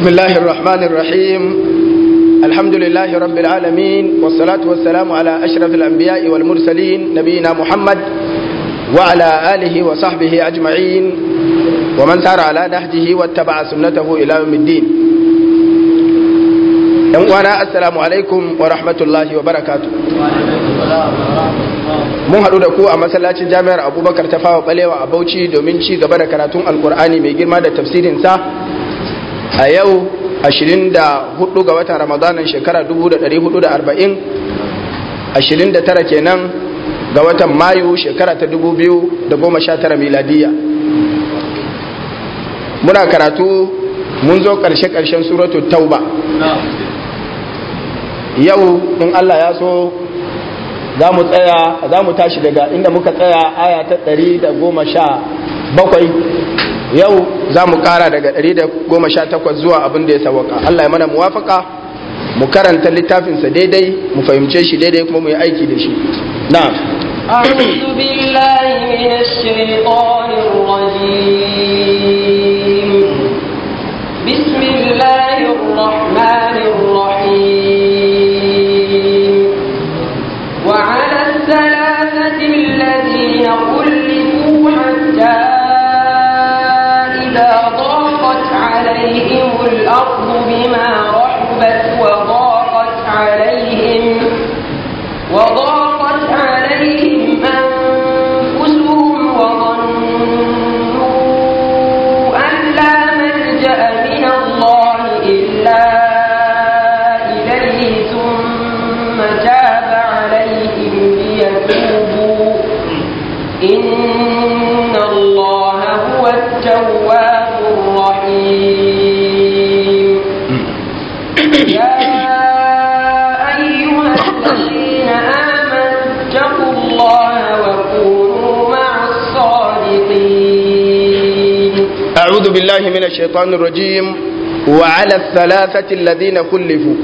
بسم الله الرحمن الرحيم الحمد لله رب العالمين والصلاة والسلام على أشرف الأنبياء والمرسلين نبينا محمد وعلى آله وصحبه أجمعين ومن سار على نهجه واتبع سنته إلى يوم الدين وانا السلام عليكم ورحمة الله وبركاته mun haɗu da ku a masallacin jami'ar abubakar ta fawa balewa a bauchi domin ci gaba da karatun alkur'ani mai girma da tafsirinsa a yau 24 ga watan ramadanin shekara 1440 29 kenan ga watan mayu shekara ta 2019 miladiya muna karatu mun zo karshe-karshen suratu tauba yau in allah ya so za mu tsaya za mu tashi daga inda muka tsaya aya ta 117 yau za mu kara daga 118 zuwa abin da ya sawaka Allah ya mana muwafaka mu karanta littafinsa daidai mu fahimce shi daidai kuma mu yi aiki da shi na. وتوبوا إن الله هو التواب الرحيم يا أيها الذين آمنوا اتقوا الله وكونوا مع الصادقين أعوذ بالله من الشيطان الرجيم وعلى الثلاثة الذين كلفوا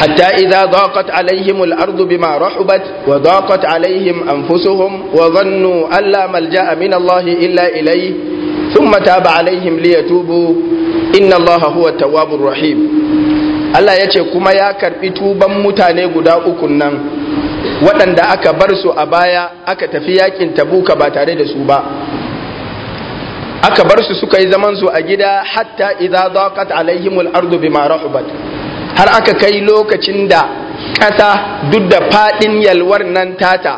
حتى إذا ضاقت عليهم الأرض بما رحبت وضاقت عليهم أنفسهم وظنوا أن لا ملجأ من الله إلا إليه ثم تاب عليهم ليتوبوا إن الله هو التواب الرحيم Allah ya ce kuma ya karɓi tuban mutane guda ukun nan waɗanda aka bar su a baya aka tafi yakin tabuka ba tare da su ba aka bar su suka yi zaman su a gida hatta idza daqat alaihimul ardu bima rahubat har aka kai lokacin da ƙasa duk da faɗin yalwar nan tata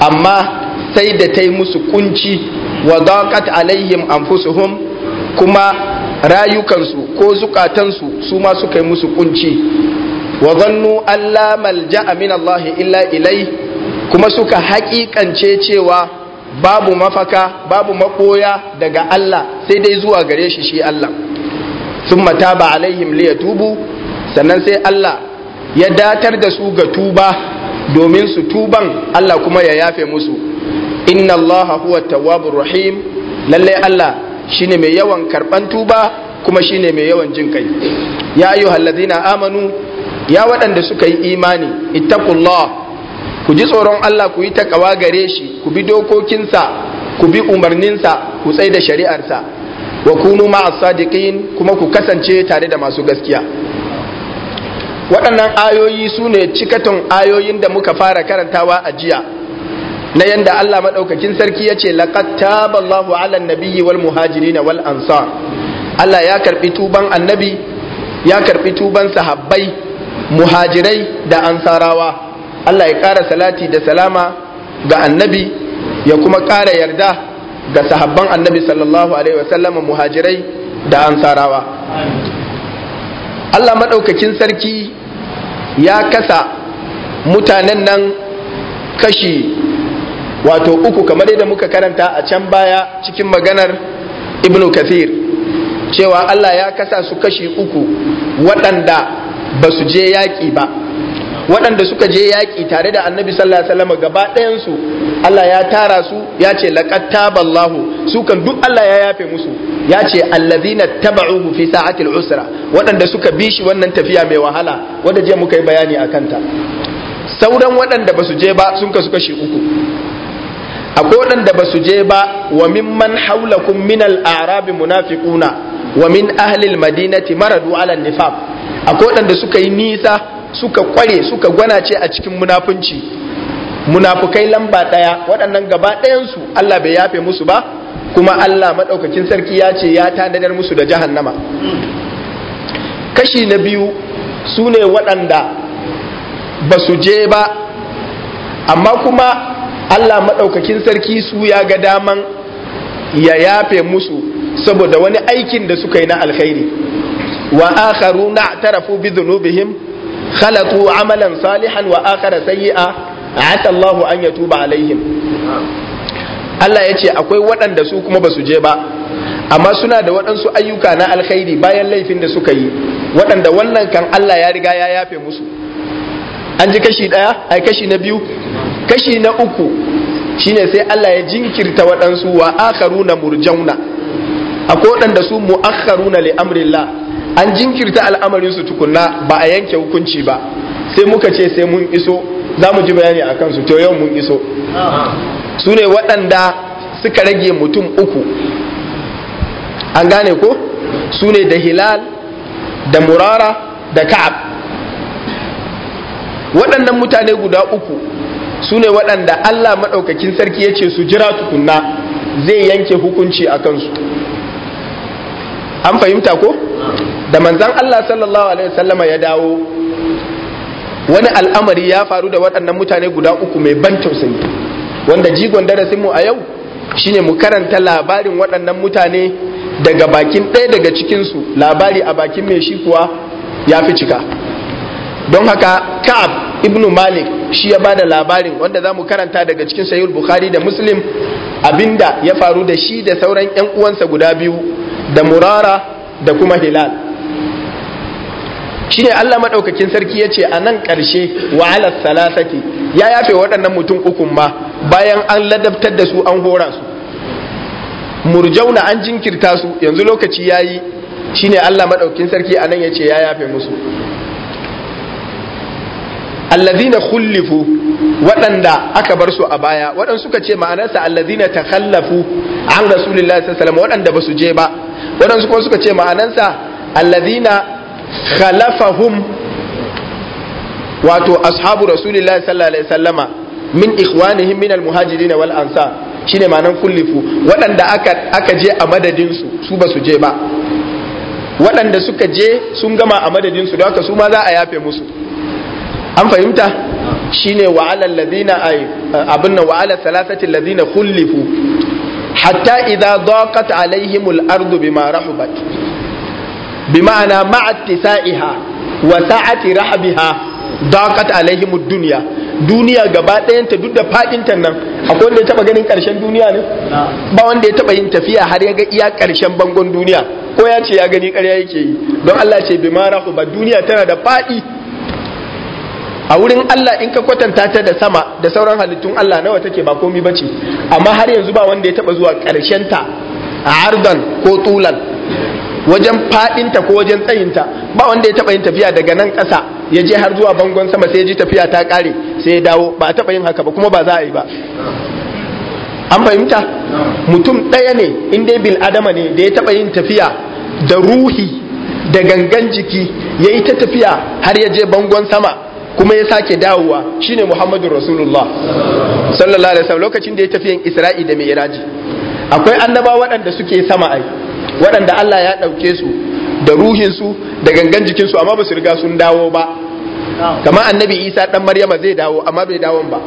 amma sai da ta yi musu kunci wa zaqat alaihim anfusuhum kuma rayukansu ko zukatansu su ma suka yi musu kunci wa zannu alla malja'a min Allah illa ilai kuma suka haƙiƙance cewa babu mafaka babu maɓoya daga Allah sai dai zuwa gare shi shi Allah sun mataba alaihim liyatubu sannan sai Allah ya datar da su ga tuba domin su tuban Allah kuma ya yafe musu inna Allah huwa tawwabur rahim Lallai Allah shine mai yawan karban tuba kuma shine mai yawan jin kai ya ayyuhallazina amanu ya waɗanda suka yi imani ittaqullah ku ji tsoron Allah ku yi takawa gare shi ku bi dokokinsa ku bi umarninsa ku tsai da shari'arsa wa kunu ma'as sadiqin kuma ku kasance tare da masu gaskiya waɗannan ayoyi su ne cikatun ayoyin da muka fara karantawa a jiya na yadda Allah maɗaukakin sarki ya ce laqad taba Allahu 'ala nabiyyi wal muhajiri na wal ansar Allah ya karɓi tuban annabi ya karɓi tuban sahabbai muhajirai da ansarawa Allah ya ƙara salati da salama ga annabi ya kuma ƙara yarda ga sahabban annabi sallallahu alaihi wasallam muhajirai da ansarawa Allah maɗaukakin sarki ya kasa mutanen nan kashi wato uku kamar yadda muka karanta a can baya cikin maganar ibnu kathir cewa Allah ya kasa su kashi uku waɗanda ba su je yaƙi ba waɗanda suka je yaƙi tare da annabi sallallahu alaihi wasallam gaba ɗayansu Allah ya tara su ya ce laqad taballahu su kan duk Allah ya yafe musu ya ce allazina taba'uhu fi sa'atil usra waɗanda suka bi shi wannan tafiya mai wahala wanda je muka yi bayani akan ta sauran waɗanda ba su je ba sun kasu kashi uku akwai waɗanda basu je ba wa mimman haulakum min al-arabi munafiquna wa min ahli al-madinati maradu ala an-nifaq akwai waɗanda suka yi nisa suka kware suka gwanace a cikin munafunci munafukai lamba ɗaya waɗannan gaba ɗayansu Allah bai yafe musu ba kuma Allah maɗaukakin sarki ya ce ya tanadar musu da nama. kashi na biyu su ne waɗanda ba su je ba amma kuma Allah maɗaukakin sarki su ya ga daman ya yafe musu saboda wani aikin da suka yi na alkhairi wa akharu na tarafu bi dhunubihim khalaqu amalan salihan wa akhara sayyi'a ata Allahu an yatuba alaihim Allah ya ce akwai waɗanda su kuma basu je ba amma suna da waɗansu ayyuka na alkhairi bayan laifin da suka yi waɗanda wannan kan Allah ya riga ya yafe musu an ji kashi ɗaya ai kashi na biyu kashi na uku shine sai Allah ya jinkirta waɗansu wa akharuna murjauna akwai waɗanda su mu'akharuna li amrillah an jinkirta al'amarin su tukunna ba a yanke hukunci ba sai muka ce sai mun iso za mu ji bayani a kansu to yau mun iso su ne waɗanda suka rage mutum uku an gane ko su ne da hilal da murara da ka'ab waɗannan mutane guda uku su ne waɗanda allah maɗaukakin sarki ya ce su jira tukunna zai yanke hukunci a kansu an fahimta ko da manzan Allah sallallahu alaihi wasallama ya dawo wani al'amari ya faru da waɗannan mutane guda uku mai ban tausayi wanda jigon darasinmu a yau shine mu karanta labarin waɗannan mutane daga bakin ɗaya daga cikinsu labari a bakin mai shi kuwa ya fi cika don haka ka'ab ibnu malik shi ya bada labarin wanda za mu karanta daga cikin sahihul bukhari da muslim abinda ya faru da shi da sauran 'yan uwansa guda biyu da murara da kuma hilal shine Allah maɗaukakin sarki ya ce a nan ƙarshe wa alas salasati ya yafe waɗannan mutum ukun ma bayan an ladabtar da su an hora su murjauna an jinkirta su yanzu lokaci ya shi shine Allah maɗaukakin sarki a nan ya ce ya yafe musu allazina khullifu waɗanda aka bar su a baya waɗanda suka ce ma'anarsa allazina takhallafu an rasulullahi sallallahu alaihi wasallam waɗanda basu je ba waɗansu kuma suka ce ma'anarsa allazina khalafahum wato ashabu rasulillahi sallallahu alaihi wasallama min ikhwanihim min almuhajirin wal ansar shine ma'anan kullifu waɗanda aka aka je a madadin su su ba su je ba waɗanda suka je sun gama a madadin su don su ma za a yafe musu an fahimta shine wa alal ladina ay abin wa ala thalathati ladina kullifu hatta idza daqat alaihimul al-ardu bima rahubat bi ma'ana ma'a tisa'iha wa sa'ati rahabiha daqat alaihim ad-dunya duniya gaba ɗayanta duk da fadin ta nan akwai wanda ya taba ganin karshen duniya ne ba wanda ya taba yin tafiya har ya ga iya karshen bangon duniya ko ya ce ya gani ƙarya yake yi don Allah ce bi ma ba duniya tana da fadi a wurin Allah in ka kwatanta ta da sama da sauran halittun Allah nawa take ba komi bace amma har yanzu ba wanda ya taba zuwa karshen ta a ardan ko tulan wajen fadinta ko wajen tsayinta ba wanda ya taba yin tafiya daga nan ƙasa ya je har zuwa bangon sama sai ya ji tafiya ta ƙare sai ya dawo ba a taba yin haka ba kuma ba za a yi ba an fahimta mutum ɗaya ne inda bil adama ne da ya taba yin tafiya da ruhi da gangan jiki ya yi ta tafiya har ya je bangon sama kuma ya sake dawowa shine muhammadu rasulullah sallallahu alaihi wasallam lokacin da ya tafiya isra'i da mai iraji akwai annaba waɗanda suke sama ai waɗanda Allah ya ɗauke su da ruhinsu da gangan jikinsu amma ba su riga sun dawo ba kama annabi isa ɗan maryama zai dawo amma bai dawon ba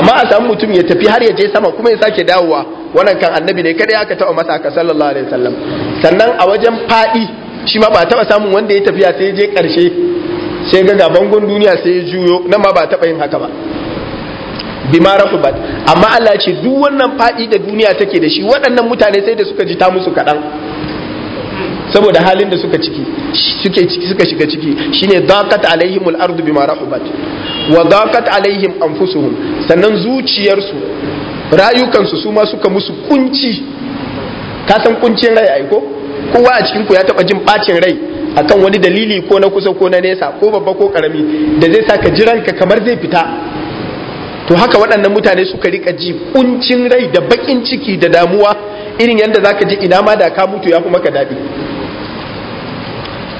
amma a samu mutum ya tafi har ya je sama kuma ya sake dawowa wannan kan annabi ne kada aka taɓa masa aka sallallahu alaihi wasallam sannan a wajen faɗi shi ma ba taɓa samun wanda ya tafiya sai ya je ƙarshe sai ga bangon duniya sai ya juyo nan ma ba taɓa yin haka ba bima rahubat amma Allah ce duk wannan faɗi da duniya take da shi waɗannan mutane sai da suka ji ta musu kaɗan saboda halin da suka ciki suke ciki suka shiga ciki shine daqat alaihim al ard bima rahabat wa daqat alaihim anfusuhum sannan zuciyarsu rayukansu su ma suka musu kunci ka san kuncin rai ai ko kowa a cikin ku ya taba jin bacin rai akan wani dalili ko na kusa ko na nesa ko babba ko karami da zai sa ka ji ranka kamar zai fita to haka waɗannan mutane suka rika ji kuncin rai da bakin ciki da damuwa irin yadda zaka ji ina ma da ka mutu ya fi maka daɗi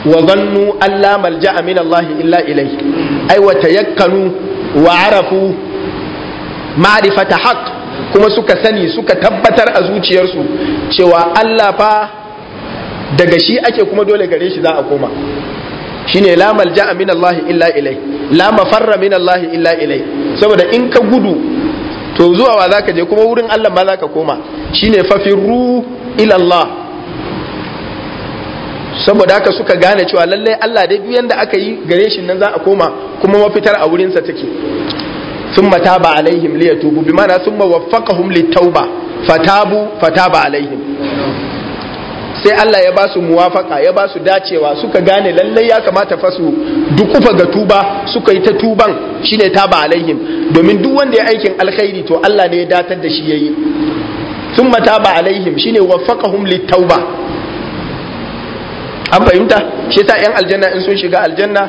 wa zannu an la malja'a min Allah illa ilai ai wa tayakkanu wa arafu ma'rifata haqq kuma suka sani suka tabbatar a zuciyarsu cewa Allah fa daga shi ake kuma dole gare shi za a koma shine la malja'a min Allah illa ilai la mafarra min Allah illa ilai saboda in ka gudu to zuwa wa zaka je kuma wurin Allah ma ka koma shine fafirru ila Allah saboda haka suka gane cewa lallai Allah da duk yanda aka yi gare shi nan za a koma kuma mafitar a wurinsa take thumma taba alaihim liyatubu bi ma'ana thumma waffaqahum tauba fatabu fataba alaihim sai Allah ya ba su muwafaka ya ba su dacewa suka gane lallai ya kamata fa su dukufa ga tuba suka yi ta tuban shine taba alaihim domin duk wanda ya aikin alkhairi to Allah ne ya datar da shi yayi thumma taba alaihim shine waffaqahum tauba. an fahimta shi ta yan aljanna in sun shiga aljanna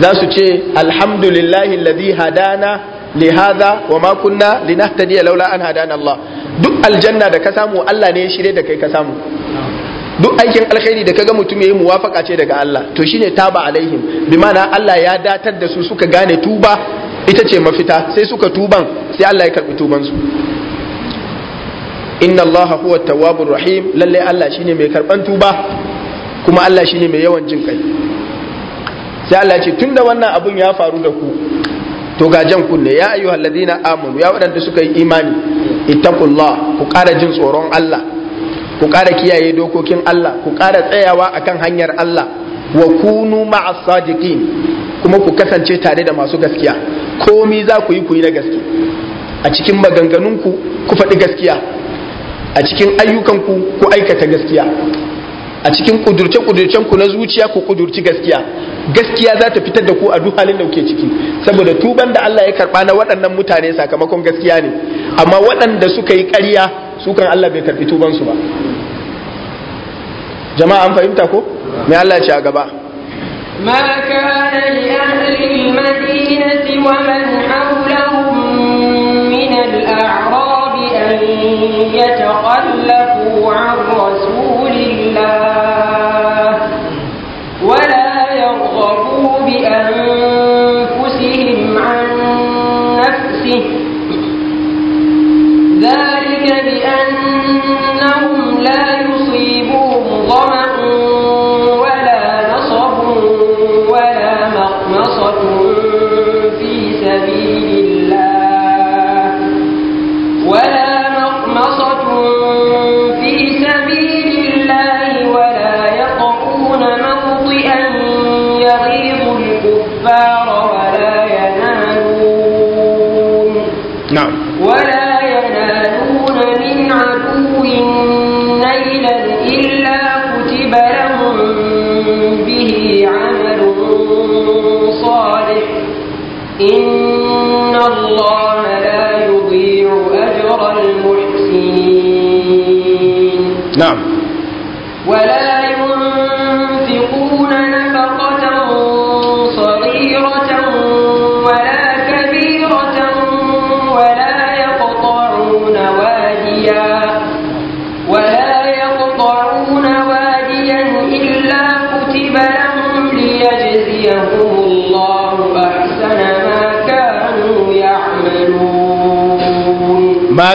za su ce alhamdulillahi alladhi hadana li hadha wa ma kunna linahtadiya laula an hadana Allah duk aljanna da ka samu Allah ne ya shirye da kai ka samu duk aikin alkhairi da kaga mutum yayi muwafaka ce daga Allah to shine taba alaihim bi ma'ana Allah ya datar da su suka gane tuba ita ce mafita sai suka tuban sai Allah ya karbi tuban su inna Allah huwa tawwabur rahim lalle Allah shine mai karban tuba kuma Allah shine mai yawan jin kai sai Allah ce tunda wannan abun ya faru da ku to ga jan kunne ya ayu ladina amanu ya waɗanda suka yi imani ittaqullah ku kara jin tsoron Allah ku ƙara kiyaye dokokin Allah ku kara tsayawa akan hanyar Allah wa kunu ma'as sadiqin kuma ku kasance tare da masu gaskiya komi za ku yi ku yi na gaske a cikin maganganunku ku faɗi gaskiya a cikin ayyukanku ku aikata gaskiya a cikin kudurce kudurcen ku na zuciya ku kudurci gaskiya gaskiya za ta fitar da ku a duk halin da kuke ciki saboda tuban da Allah ya karba na waɗannan mutane sakamakon gaskiya ne amma waɗanda suka yi ƙarya su kan Allah bai karbi tuban su ba jama'a an fahimta ko mai Allah ce a gaba ما كان لأهل المدينة ومن حولهم من الأعراب أن يتخلفوا عن رسول الله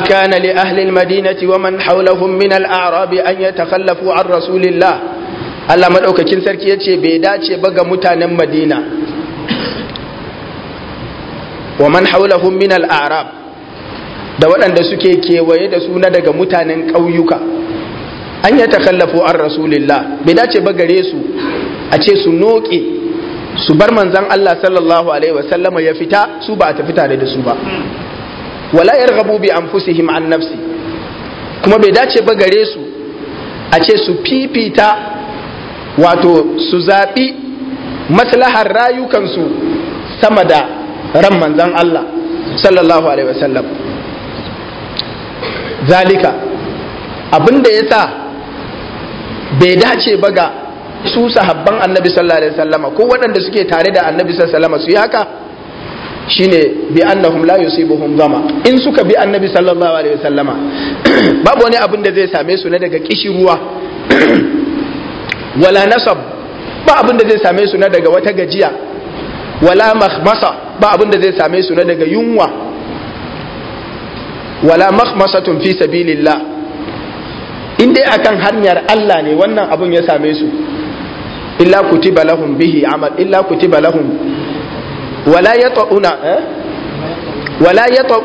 كان لأهل المدينة ومن حولهم من الأعراب أن يتخلفوا عن رسول الله Allah maɗaukakin sarki ya ce bai dace ba ga mutanen Madina wa man haulahum min arab da waɗanda suke kewaye da suna daga mutanen ƙauyuka an ya takallafu an rasulillah bai dace ba gare su a ce su noƙe su bar manzan Allah sallallahu alaihi wasallama ya fita su ba a tafi tare da su ba wala yarghabu bi anfusihim an nafsi kuma bai dace ba gare su a ce su fifita wato su zaɓi maslahar rayukansu sama da ran manzan Allah sallallahu alaihi wasallam zalika abinda ya sa bai dace ba ga su sahabban annabi sallallahu alaihi wasallama ko waɗanda suke tare da annabi sallallahu alaihi wasallama su yi haka shine bi annahum la yusibuhum zama in suka bi annabi sallallahu alaihi wasallama babu wani abin da zai same su na daga kishirwa wala nasab ba abin da zai same su na daga wata gajiya wala makhmasa ba abin da zai same su na daga yunwa wala makhmasatun fi sabilillah in dai akan hanyar Allah ne wannan abin ya same su illa kutiba lahum bihi amal illa kutiba lahum wala ya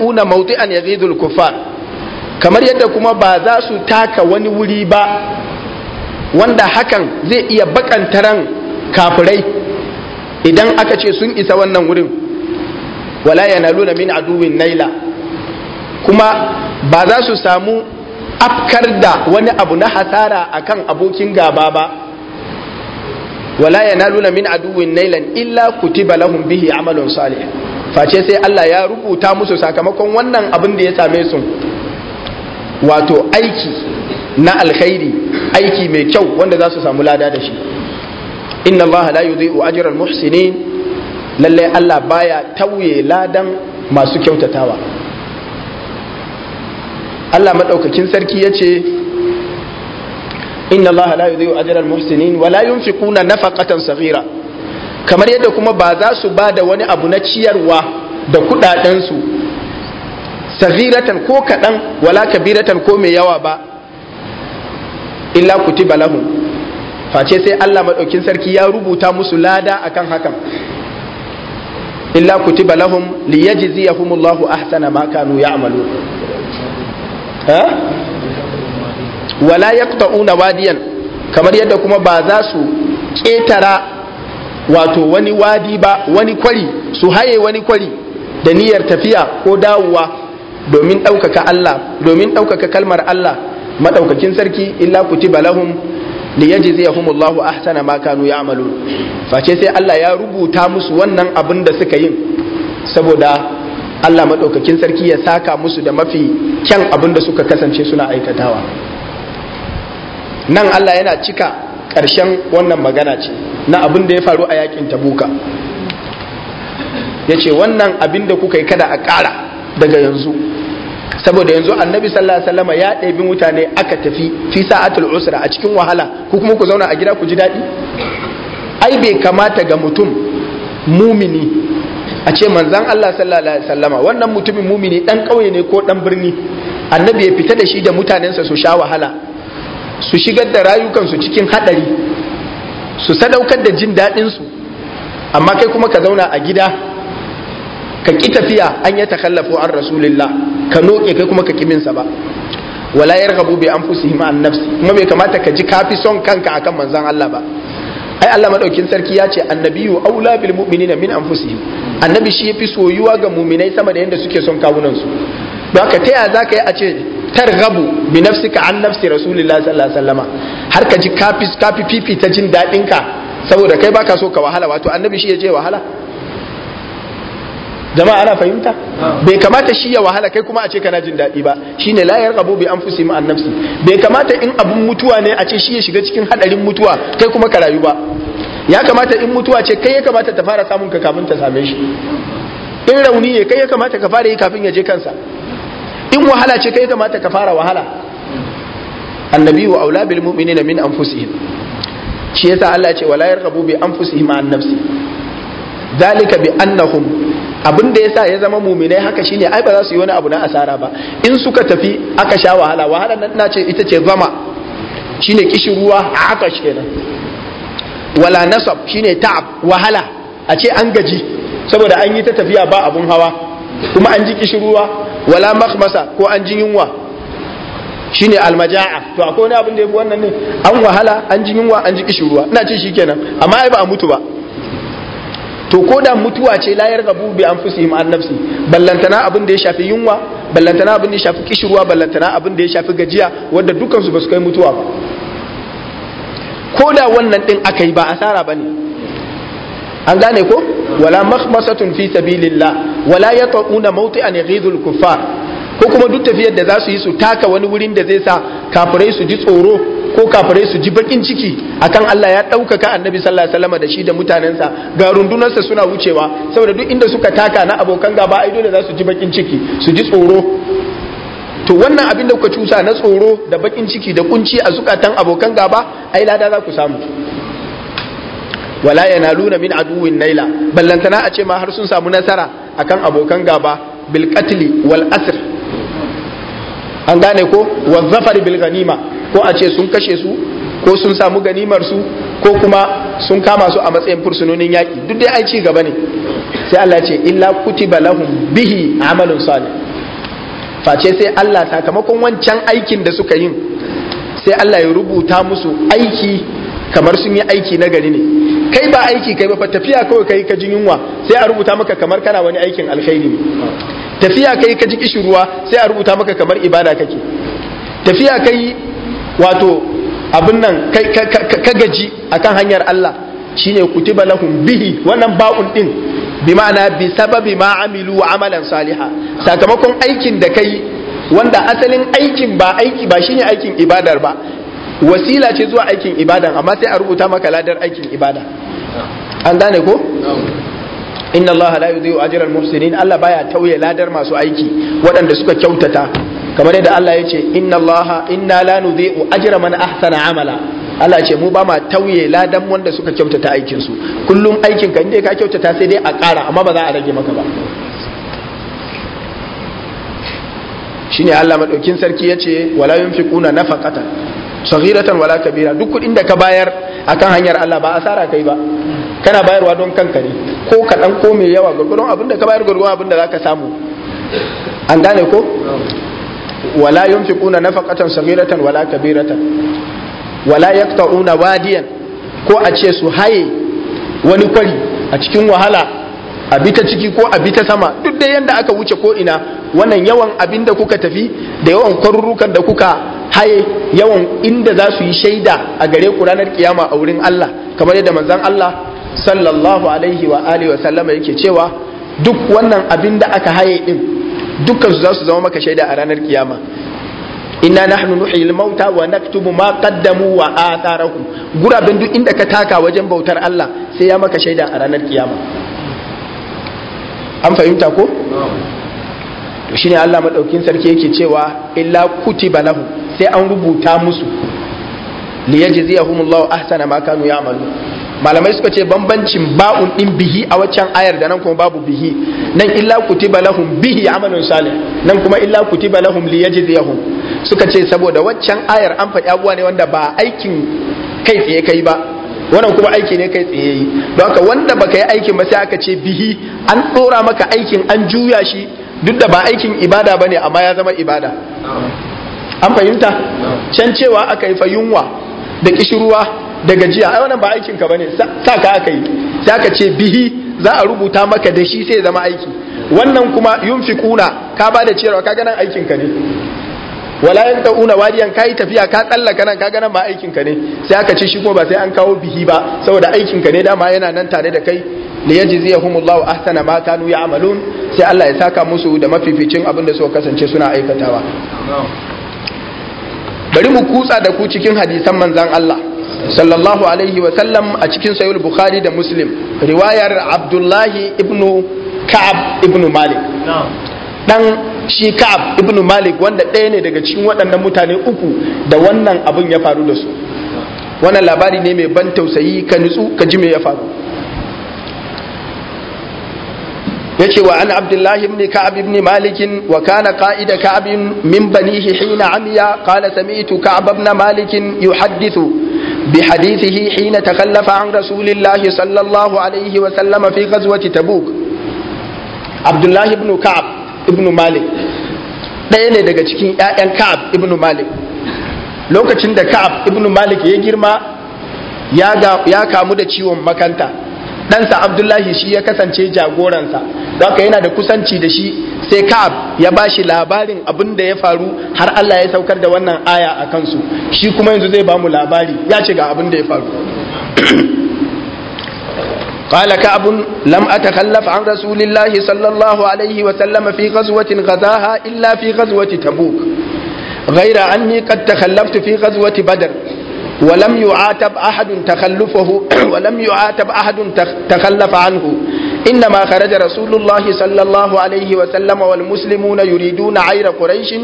wala mauti an yazidul kufar kamar yadda kuma ba za su taka wani wuri ba wanda hakan zai iya bakantaran ran kafirai idan aka ce sun isa wannan wurin wala yanaluna min aduwin naila kuma ba za su samu afkar da wani abu na hasara akan abokin gaba ba wala yanaluna min aduwwin nailan illa kutiba lahum bihi amalun salih face sai Allah ya rubuta musu sakamakon wannan abin da ya same su wato aiki na alkhairi aiki mai kyau wanda za su samu lada da shi inna Allah la yudhi'u ajra almuhsinin muhsinin lalle Allah baya tauye ladan masu kyautatawa Allah madaukakin sarki yace inna Allah la yudhi'u ajra al-muhsinin wa la yunfiquna nafaqatan saghira kamar yadda kuma ba za su ba da wani abu na ciyarwa da kudaden su saghiratan ko kadan wala kabiratan ko mai yawa ba illa kutiba lahum face sai Allah madaukin sarki ya rubuta musu lada akan hakan illa kutiba lahum liyajziyahumullahu ahsana ma kanu ya'malun ha wala yaqta'una wadiyan kamar yadda kuma ba za su ketara wato wani wadi ba wani kwari su haye wani kwari da niyyar tafiya ko dawowa domin ɗaukaka Allah domin ɗaukaka kalmar Allah maɗaukakin sarki illa kutiba lahum Allahu ahsana ma kanu ya'malun face sai Allah ya rubuta musu wannan abin da suka yi, saboda Allah maɗaukakin sarki ya saka musu da mafi kyan abin da suka kasance suna aikatawa nan Allah yana cika ƙarshen wannan magana ce na abin da ya faru a yakin tabuka ya ce wannan abin da kuka yi kada a ƙara daga yanzu saboda yanzu annabi sallallahu alaihi wasallam ya ɗebi mutane aka tafi fi sa'atul usra a cikin wahala ku kuma ku zauna a gida ku ji daɗi ai bai kamata ga mutum mumini a ce manzan Allah sallallahu alaihi wasallama wannan mutumin mumini dan ƙauye ne ko dan birni annabi ya fita da shi da mutanensa su sha wahala su shigar da rayukansu cikin haɗari su sadaukar da jin daɗinsu amma kai kuma ka zauna a gida ka ƙi tafiya an ya takallafo an rasulillah ka noke kai kuma ka kiminsa ba wala ya bi anfusihim an nafsi kuma bai kamata ka ji kafi son kanka akan manzan Allah ba ai Allah madaukin sarki ya ce annabiyu aula bil mu'minina min anfusihim annabi shi yafi soyuwa ga mu'minai sama da yadda suke son kawunan su don ka ta yaya zaka yi a ce targhabu bi nafsika an nafsi rasulillah sallallahu alaihi wasallama har ka ji kafi kafi fifi ta jin dadin ka saboda kai baka so ka wahala wato annabi shi ya je wahala jama'a ana fahimta bai kamata shi ya wahala kai kuma a ce kana jin daɗi ba shine la yarqabu bi ma an nafsi bai kamata in abun mutuwa ne a ce shi ya shiga cikin hadarin mutuwa kai kuma ka rayu ba ya kamata in mutuwa ce kai ya kamata ta fara samun ka kafin ta same shi in rauni ne kai ya kamata ka fara yi kafin ya je kansa in wahala ce kai kamata ka fara wahala annabi wa aula bil mu'minina min anfusihim shi yasa Allah ya ce wala yarghabu bi anfusihim an nafsi dalika bi annahum abin da yasa ya zama muminai haka shine ai ba za su yi wani abu na asara ba in suka tafi aka sha wahala wahala nan ce ita ce zama shine kishin haka kenan wala nasab shine ta'ab wahala a ce an gaji saboda an yi ta tafiya ba abun hawa kuma an ji kishiruwa. wala makhmasa ko an jin yunwa shine almaja'a to akwai wani abin da yafi wannan ne an wahala an jin yunwa an ji kishin ina ce shikenan amma ai ba a mutu ba to ko da mutuwa ce la gabu bi anfusihim an nafsi ballantana abin da ya shafi yunwa ballantana abin da ya shafi kishirwa ballantana abin da ya shafi gajiya wanda dukkan su basu kai mutuwa ba ko da wannan din aka yi ba asara bane an gane ko wala makhmasatun fi sabilillah wala yatquna mawti'an yaghidul kuffar ko kuma duk tafiyar da za su yi su taka wani wurin da zai sa kafirai su ji tsoro ko kafirai su ji bakin ciki akan Allah ya ɗaukaka annabi sallallahu alaihi wasallam da shi da mutanensa ga rundunarsa suna wucewa saboda duk inda suka taka na abokan gaba ai dole za su ji bakin ciki su ji tsoro to wannan abin da kuka cusa na tsoro da bakin ciki da kunci a zukatan abokan gaba ai lada za ku samu wala yanaluna min aduwin naila ballantana a ce ma har sun samu nasara akan abokan gaba bil qatli wal asr an gane ko wa zafari bil ganima ko a ce sun kashe su ko sun samu ganimar su ko kuma sun kama su a matsayin fursunonin yaƙi duk dai ai ci gaba ne sai Allah ce illa kutiba lahum bihi amalun salih face sai Allah sakamakon wancan aikin da suka yi, sai Allah ya rubuta musu aiki kamar sun yi aiki na gari ne kai ba aiki kai ba tafiya kawai kai ka jin yunwa sai a rubuta maka kamar kana wani aikin alkhairi tafiya kai ka ji kishirwa sai a rubuta maka kamar ibada kake tafiya kai wato abin nan ka gaji akan hanyar Allah shine kutiba lahum bihi wannan ba'un din bi ma'ana bi sababi ma amilu amalan saliha sakamakon aikin da kai wanda asalin aikin ba aiki ba shine aikin ibadar ba wasila ce zuwa aikin ibada amma sai a rubuta maka ladar aikin ibada an gane ko inna allaha la yudhi'u ajra al-muhsinin Allah baya tauye ladar masu aiki waɗanda suka kyautata kamar yadda Allah ya ce inna allaha inna la nudhi'u ajra man ahsana amala Allah ce mu ba ma tauye ladan wanda suka kyautata aikin su kullum aikin ka inda ka kyautata sai dai a ƙara amma ba za a rage maka ba shine Allah madaukin sarki yace wala yunfiquna nafaqatan saghiratan wala kabira duk kuɗin da ka bayar akan hanyar Allah ba asara kai ba kana bayarwa don kanka ne ko kaɗan ko mai yawa gurgurun abin da ka bayar gurgurun abin da zaka samu an gane ko wala yunfiquna nafaqatan saghiratan wala kabiratan wala yaqta'una wadiyan ko a ce su haye wani kwari a cikin wahala a bi ta ciki ko a bi ta sama duk da yanda aka wuce ko ina wannan yawan abin da kuka tafi da yawan kwarurrukan da kuka haye yawan inda za su yi shaida a gare ku ranar kiyama a wurin Allah kamar yadda manzon Allah sallallahu alaihi wa alihi wa sallama yake cewa duk wannan abin da aka haye din dukkan su za su zama maka shaida a ranar kiyama inna nahnu nuhyil mauta wa naktubu ma qaddamu wa Gura bin duk inda ka taka wajen bautar Allah sai ya maka shaida a ranar kiyama an fahimta ko to shine Allah madaukin sarki yake cewa illa kutiba lahu sai an rubuta musu liyajziyahumullahu ahsana ma kanu ya'malu malamai suka ce bambancin ba'un din bihi a waccan ayar da nan kuma babu bihi nan illa kutiba lahum bihi amalun salih nan kuma illa kutiba lahum yajziyahum suka ce saboda waccan ayar an faɗi abuwa ne wanda ba aikin kai tsaye kai ba wannan kuma aiki ne kai tsaye yi don haka wanda baka yi aikin ba sai aka ce bihi an dora maka aikin an juya shi duk da ba aikin ibada bane amma ya zama ibada an fahimta can cewa aka yi fayunwa da kishirwa da gajiya ai wannan ba aikin ka bane sa ka aka yi sai aka ce bihi za a rubuta maka da shi sai zama aiki wannan kuma yunfikuna ka ba da ciyarwa ka ganan aikin ka ne wala una wadiyan kai tafiya ka tsallaka nan ka ganan ba aikin ka ne sai aka ce shi kuma ba sai an kawo bihi ba saboda aikin ka ne dama yana nan tare da kai li yajziyahumullahu ahsana ma kanu ya'malun sai Allah ya saka musu da mafificin abin da suka kasance suna aikatawa bari mu kutsa da ku cikin hadisan manzan Allah sallallahu alaihi wa sallam a cikin sayul bukhari da muslim riwayar abdullahi ibnu ka'ab ibnu malik dan shi ka'ab ibnu malik wanda ɗaya ne daga cikin waɗannan mutane uku da wannan abun ya faru da su wannan labari ne mai ban tausayi ka nutsu ka ji me ya faru yace wa an abdullahi ibn ka'ab ibn malik wa kana qa'ida ka'ab min banihi hina amiya qala sami'tu ka'ab ibn malik yuhaddithu bi hadithihi hina takallafa an rasulillah sallallahu alaihi wa sallama fi ghazwati tabuk abdullahi ibn ka'ab ibn malik daya ne daga cikin ƴaƴan ka'ab ibn malik lokacin da ka'ab ibn malik ya girma ya kamu da ciwon makanta ɗansa abdullahi shi ya kasance jagoransa haka yana da kusanci da shi sai ka'ab ya ba shi labarin abin da ya faru har allah ya saukar da wannan aya a kansu shi kuma yanzu zai ba mu labari ya ce ga abin da ya faru قال كعب لم أتخلف عن رسول الله صلى الله عليه وسلم في غزوة غزاها إلا في غزوة تبوك غير أني قد تخلفت في غزوة بدر ولم يعاتب أحد تخلفه ولم يعاتب أحد تخلف عنه إنما خرج رسول الله صلى الله عليه وسلم والمسلمون يريدون عير قريش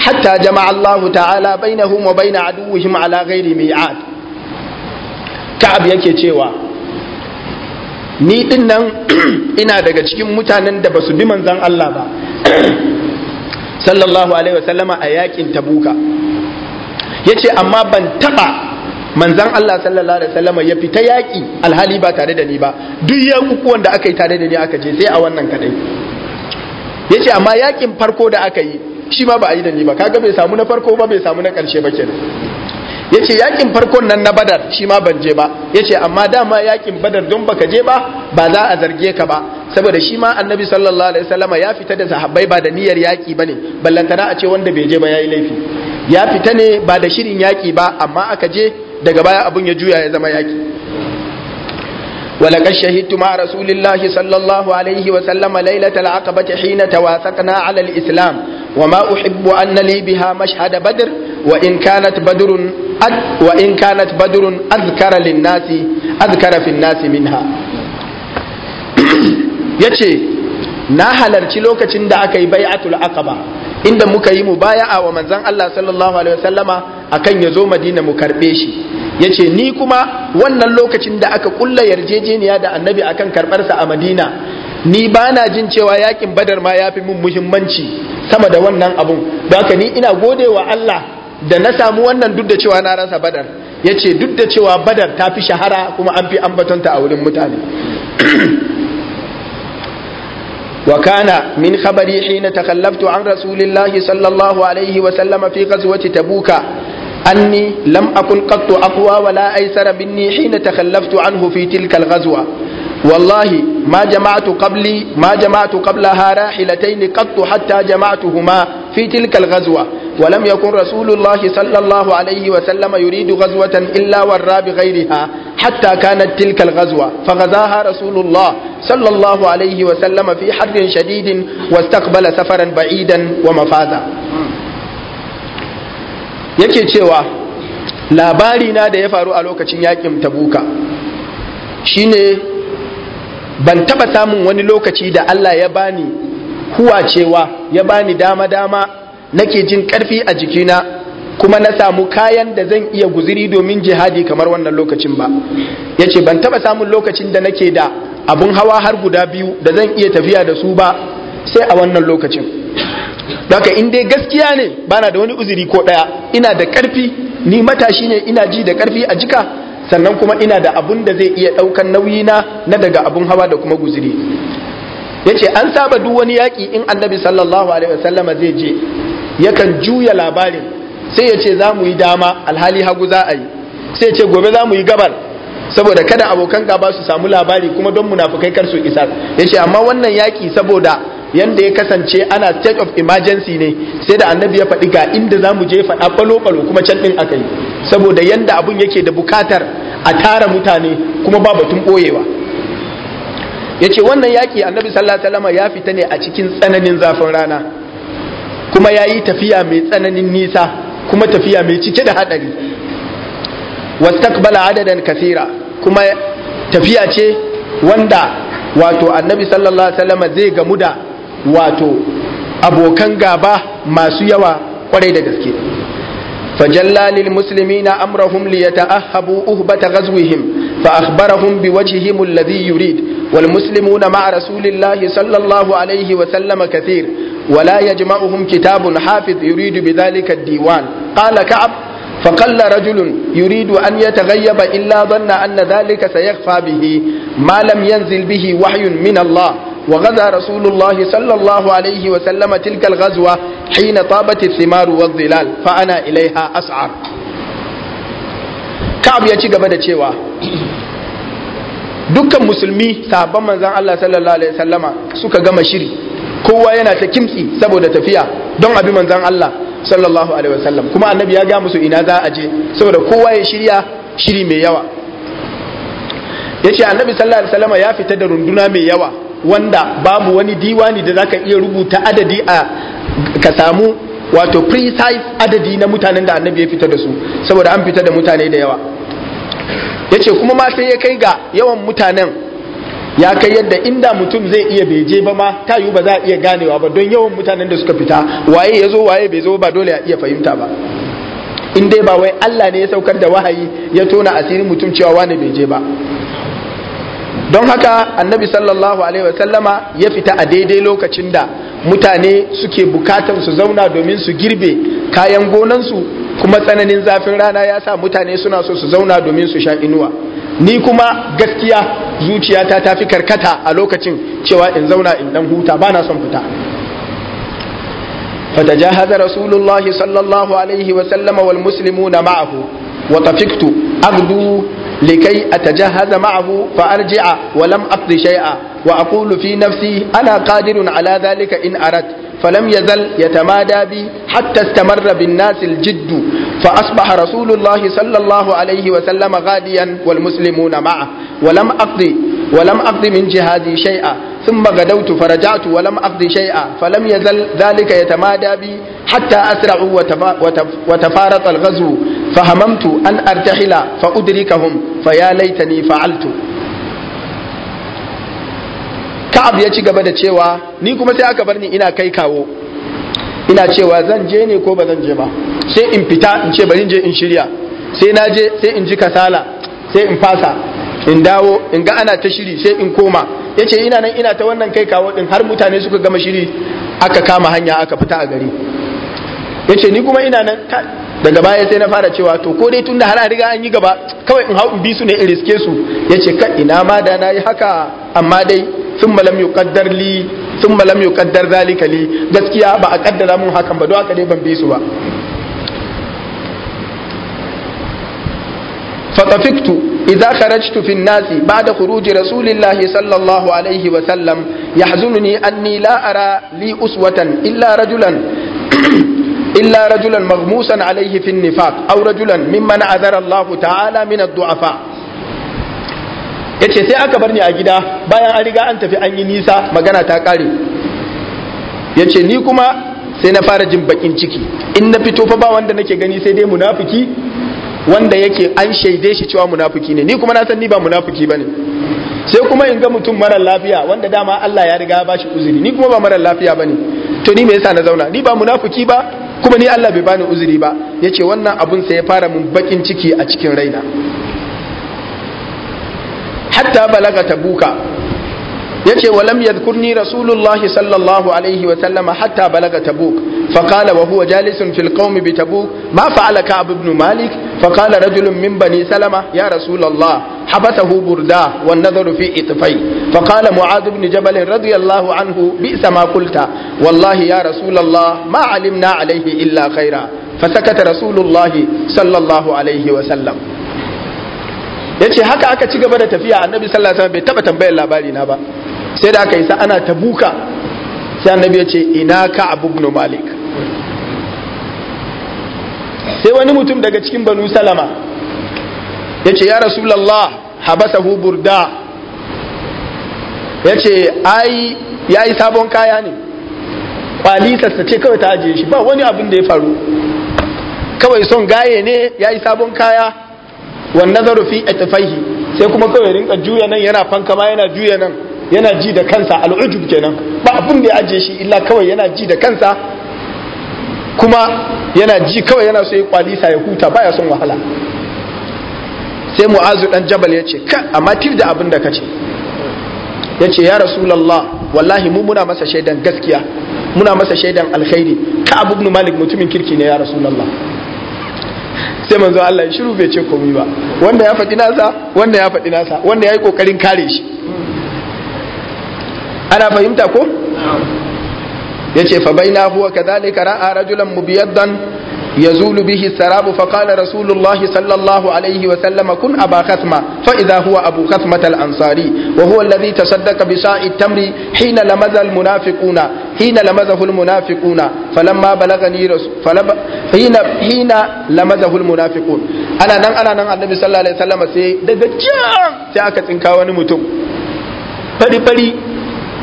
حتى جمع الله تعالى بينهم وبين عدوهم على غير ميعاد كعب yake cewa ni din nan ina daga cikin mutanen da basu bi manzan Allah ba sallallahu alaihi wasallama a yakin tabuka yace amma ban taba manzan Allah sallallahu alaihi wasallam ya fita yaki alhali ba tare da ni ba duk yakukuwan da aka yi tare da ni aka je sai a wannan kadai yace amma yakin farko da aka yi shi ma ba a yi da ni ba kaga bai samu na farko ba bai samu na karshe ba kenan yace yakin farkon nan na badar shi ma ban je ba yace amma dama yakin badar don baka je ba ba za a zarge ka ba saboda shi ma annabi sallallahu alaihi wasallam ya fita da sahabbai ba da niyyar yaki bane ballantana a ce wanda bai je ba yayi laifi ya fita ne ba da shirin yaki ba amma aka je daga baya abun ya juya ya zama yaki ولقد شهدت مع رسول الله صلى الله عليه وسلم ليلة العقبة حين تواثقنا على الإسلام وما أحب أن لي بها مشهد بدر وإن كانت بدر أد وإن كانت بدر أذكر للناس أذكر في الناس منها yace na halarci lokacin da aka yi bai'atul aqaba inda muka yi mu baya a wa manzon Allah sallallahu alaihi wasallama akan ya zo Madina mu karbe shi yace ni kuma wannan lokacin da aka kulla yarjejeniya da annabi akan karbar sa a Madina ni ba na jin cewa yakin Badar ma yafi mun muhimmanci sama da wannan abun don haka ni ina gode wa Allah da na samu wannan duk da cewa na rasa Badar yace duk da cewa Badar ta fi shahara kuma an fi ambatonta a wurin mutane وكان من خبري حين تخلفت عن رسول الله صلى الله عليه وسلم في غزوة تبوك أني لم أكن قط أقوى ولا أيسر مني حين تخلفت عنه في تلك الغزوة والله ما جمعت قبلي ما جمعت قبلها راحلتين قط حتى جمعتهما في تلك الغزوة ولم يكن رسول الله صلى الله عليه وسلم يريد غزوة إلا ورى بغيرها حتى كانت تلك الغزوة فغزاها رسول الله صلى الله عليه وسلم في حر شديد واستقبل سفرا بعيدا ومفادا yake cewa labari na da ya faru a lokacin yakin tabuka shine ban taba samun wani lokaci da Allah ya bani cewa ya bani dama dama nake jin karfi a jikina kuma na samu kayan da zan iya guziri domin jihadi kamar wannan lokacin ba ya ce ban taba samun lokacin da nake da abun hawa har guda biyu da zan iya tafiya da su ba sai a wannan lokacin Daka in dai gaskiya ne bana da wani uzuri ko daya ina da karfi ni matashi ne ina ji da karfi a jika sannan kuma ina da abun da zai iya daukan nauyi na na daga abun hawa da kuma guziri yace an saba duk wani yaki in annabi sallallahu alaihi wasallama zai je yakan juya labarin sai yace zamu za mu yi dama alhali hagu za a yi sai yace gobe za mu yi gabar saboda kada abokan gaba su samu labari kuma don munafukai kar su isa, yace amma wannan yaki saboda yanda ya kasance ana state of emergency ne sai da annabi ya faɗi ga inda za mu je faɗa kwalo kwalo kuma can ɗin akai saboda yanda abun yake da bukatar a tara mutane kuma ba batun ɓoyewa ya ce wannan yaƙi annabi sallallahu alaihi ya fita ne a cikin tsananin zafin rana kuma ya yi tafiya mai tsananin nisa kuma tafiya mai cike da haɗari takbala adadan kasira kuma tafiya ce wanda wato annabi sallallahu alaihi zai gamu da wato abokan gaba masu yawa kwarai da gaske فجلى للمسلمين أمرهم ليتأهبوا أهبة غزوهم فأخبرهم بوجههم الذي يريد والمسلمون مع رسول الله صلى الله عليه وسلم كثير ولا يجمعهم كتاب حافظ يريد بذلك الديوان قال كعب فقل رجل يريد أن يتغيب إلا ظن أن ذلك سيخفى به ما لم ينزل به وحي من الله وغزا رسول الله صلى الله عليه وسلم تلك الغزوة حين طابت الثمار والظلال فأنا إليها أسعى كعب يجي قبل تشيوا dukkan musulmi sahabban manzan Allah sallallahu alaihi wasallama suka gama shiri kowa yana ta kimtsi saboda tafiya don abi manzan Allah sallallahu alaihi wasallam kuma annabi ya ga musu ina za a je saboda kowa ya shirya shiri mai yawa yace annabi sallallahu alaihi wasallama ya fita da runduna mai yawa wanda babu wani diwani da zaka iya rubuta adadi a ka samu wato precise adadi na mutanen da annabi ya fita da su saboda an fita da mutane da yawa ya ce kuma ma sai ya kai ga yawan mutanen ya kai yadda inda mutum zai iya beje ba ma ta yiwu ba za a iya ganewa ba don yawan mutanen da suka fita waye ya zo waye bai zo ba dole ya iya fahimta ba in dai ba wai Allah ne ya saukar da wahayi ya tona asirin mutum cewa wani bai ba don haka annabi sallallahu alaihi wasallama ya fita a daidai lokacin da mutane suke bukatan su zauna domin su girbe kayan gonansu kuma tsananin zafin rana ya sa mutane suna so su zauna domin su sha inuwa ni kuma gaskiya zuciyata ta fi karkata a lokacin cewa in zauna in dan huta ba na son fita فتجهز رسول الله صلى الله عليه وسلم والمسلمون معه وطفقت أغدو لكي أتجهز معه فأرجع ولم أقض شيئا wa aqulu fi nafsi ana qadirun ala dhalika in arat فلم يزل يتمادى بي حتى استمر بالناس الجد فأصبح رسول الله صلى الله عليه وسلم غاديا والمسلمون معه ولم أقضي ولم أقضي من جهادي شيئا ثم غدوت فرجعت ولم أقضي شيئا فلم يزل ذلك يتمادى بي حتى أسرعوا وتفارق الغزو فهممت أن أرتحل فأدركهم فيا ليتني فعلت ka'ab ya ci gaba da cewa ni kuma sai aka bar ni ina kai kawo ina cewa zan je ne ko ba zan je ba sai in fita in ce bari je in shirya sai na je sai in ji kasala sai in fasa in dawo in ga ana ta shiri sai in koma yace ina nan ina ta wannan kai kawo din har mutane suka gama shiri aka kama hanya aka fita a gari yace ni kuma ina nan daga baya sai na fara cewa to ko dai tun da har a riga an yi gaba kawai in hau in bi su ne in riske su yace ka ina ma da na yi haka amma dai thumma lam yuqaddar li thumma lam yuqaddar zalika li gaskiya ba a kaddara mun hakan ba don haka dai ban bi su ba فطفقت إذا خرجت في الناس بعد خروج رسول الله صلى الله عليه وسلم يحزنني أني لا أرى لي أسوة إلا رجلا إلا رجلا مغموسا عليه في النفاق أو رجلا ممن عذر الله تعالى من الضعفاء yace sai aka bar ni a gida bayan an riga an tafi an yi nisa magana ta kare yace ce ni kuma sai na fara jin bakin ciki in na fito fa ba wanda nake gani sai dai munafiki wanda yake an shaide shi cewa munafiki ne ni kuma na san ni ba munafiki bane sai kuma in ga mutum marar lafiya wanda dama Allah ya riga ba shi uzuri ni kuma ba marar lafiya bane to ni me yasa na zauna ni ba munafiki ba kuma ni Allah bai bani uzuri ba yace wannan abun sai ya fara mun bakin ciki a cikin raina hatta balaga tabuka yace wa lam yadhkurni rasulullah sallallahu alaihi wa sallama hatta balaga tabuk fa qala wa huwa jalisun fil qaumi bi tabuk ma fa'ala ka'b ibn malik fa qala rajulun min bani salama ya rasulullah habathahu burda wa nadharu fi itfai fa qala mu'adh ibn jabal radiyallahu anhu bi'sa sama qulta wallahi ya rasulullah ma alimna alaihi illa khaira fasakata رسول الله sallallahu alaihi wa sallam. Yace haka aka ci gaba da tafiya annabi sallallahu alaihi wasallam bai taba tambayar labari na ba sai da aka yi sa ana ta buka sai annabi ya ce ina ka abu ibn malik sai wani mutum daga cikin banu salama ya ce ya rasulallah habasahu burda ya ce ai ya yi sabon kaya ne ta ce kawai ta ajiye shi ba wani abin da ya faru kawai son gaye ne ya yi sabon kaya wanda nazaru fi tafaihi sai kuma kawai rinka juya nan yana fanka ma yana juya nan yana ji da kansa al'ujub kenan ba abin da ya ajiye shi illa kawai yana ji da kansa kuma yana ji kawai yana so ya kwalisa ya huta baya son wahala sai mu'azu dan jabal ya ce ka amma tir da abin da kace ya ce ya rasulallah wallahi mu muna masa shaidan gaskiya muna masa shaidan alkhairi ka abu malik mutumin kirki ne ya rasulallah sai manzo Allah ya shiru bai ce komai ba wanda ya faɗi nasa wanda ya faɗi nasa wanda ya yi ƙoƙarin kare shi ana fahimta ko ya ce fa bai na huwa ka zane ka ra'a rajulan mubiyaddan يزول به السراب فقال رسول الله صلى الله عليه وسلم كن أبا خثمة فإذا هو أبو خثمة الأنصاري وهو الذي تصدق بشاء التمر حين لمز المنافقون حين لمزه المنافقون فلما بلغني رسول فلما حين حين لمزه المنافقون أنا نن أنا نن النبي صلى الله عليه وسلم سي دغ جام sai aka tsinka wani mutum fari fari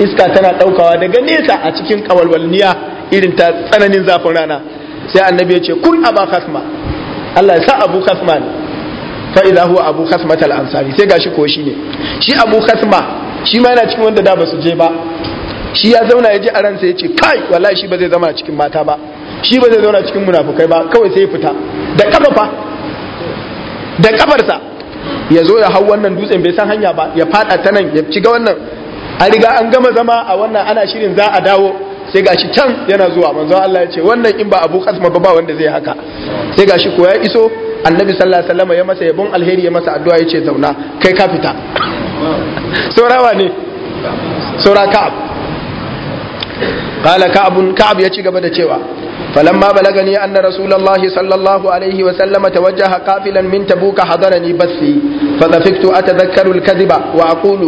iska tana daukawa daga nesa a cikin kawalwalniya irin ta tsananin zafin rana sai annabi ya ce kun aba kasma Allah ya sa abu kasma ne fa idza huwa abu kasma tal ansari sai gashi ko shi ne shi abu kasma shi ma yana cikin wanda da ba su je ba shi ya zauna ya ji a ransa ya ce kai wallahi shi ba zai zama cikin mata ba shi ba zai zauna cikin munafukai ba kawai sai ya fita da kafa fa da kafarsa ya zo ya hau wannan dutsen bai san hanya ba ya fada ta nan ya ga wannan a riga an gama zama a wannan ana shirin za a dawo sai gashi can yana zuwa manzon Allah ya ce wannan in ba Abu Qasma ba ba wanda zai haka sai gashi ko ya iso annabi sallallahu alaihi wasallam ya masa yabon alheri ya masa addu'a ya ce zauna kai ka fita saurawa ne saura ka'ab qala ka'ab ka'ab ya ci gaba da cewa فلما بلغني أن رسول الله صلى الله عليه وسلم توجه قافلا من تبوك حضرني بثي فذفقت أتذكر الكذب وأقول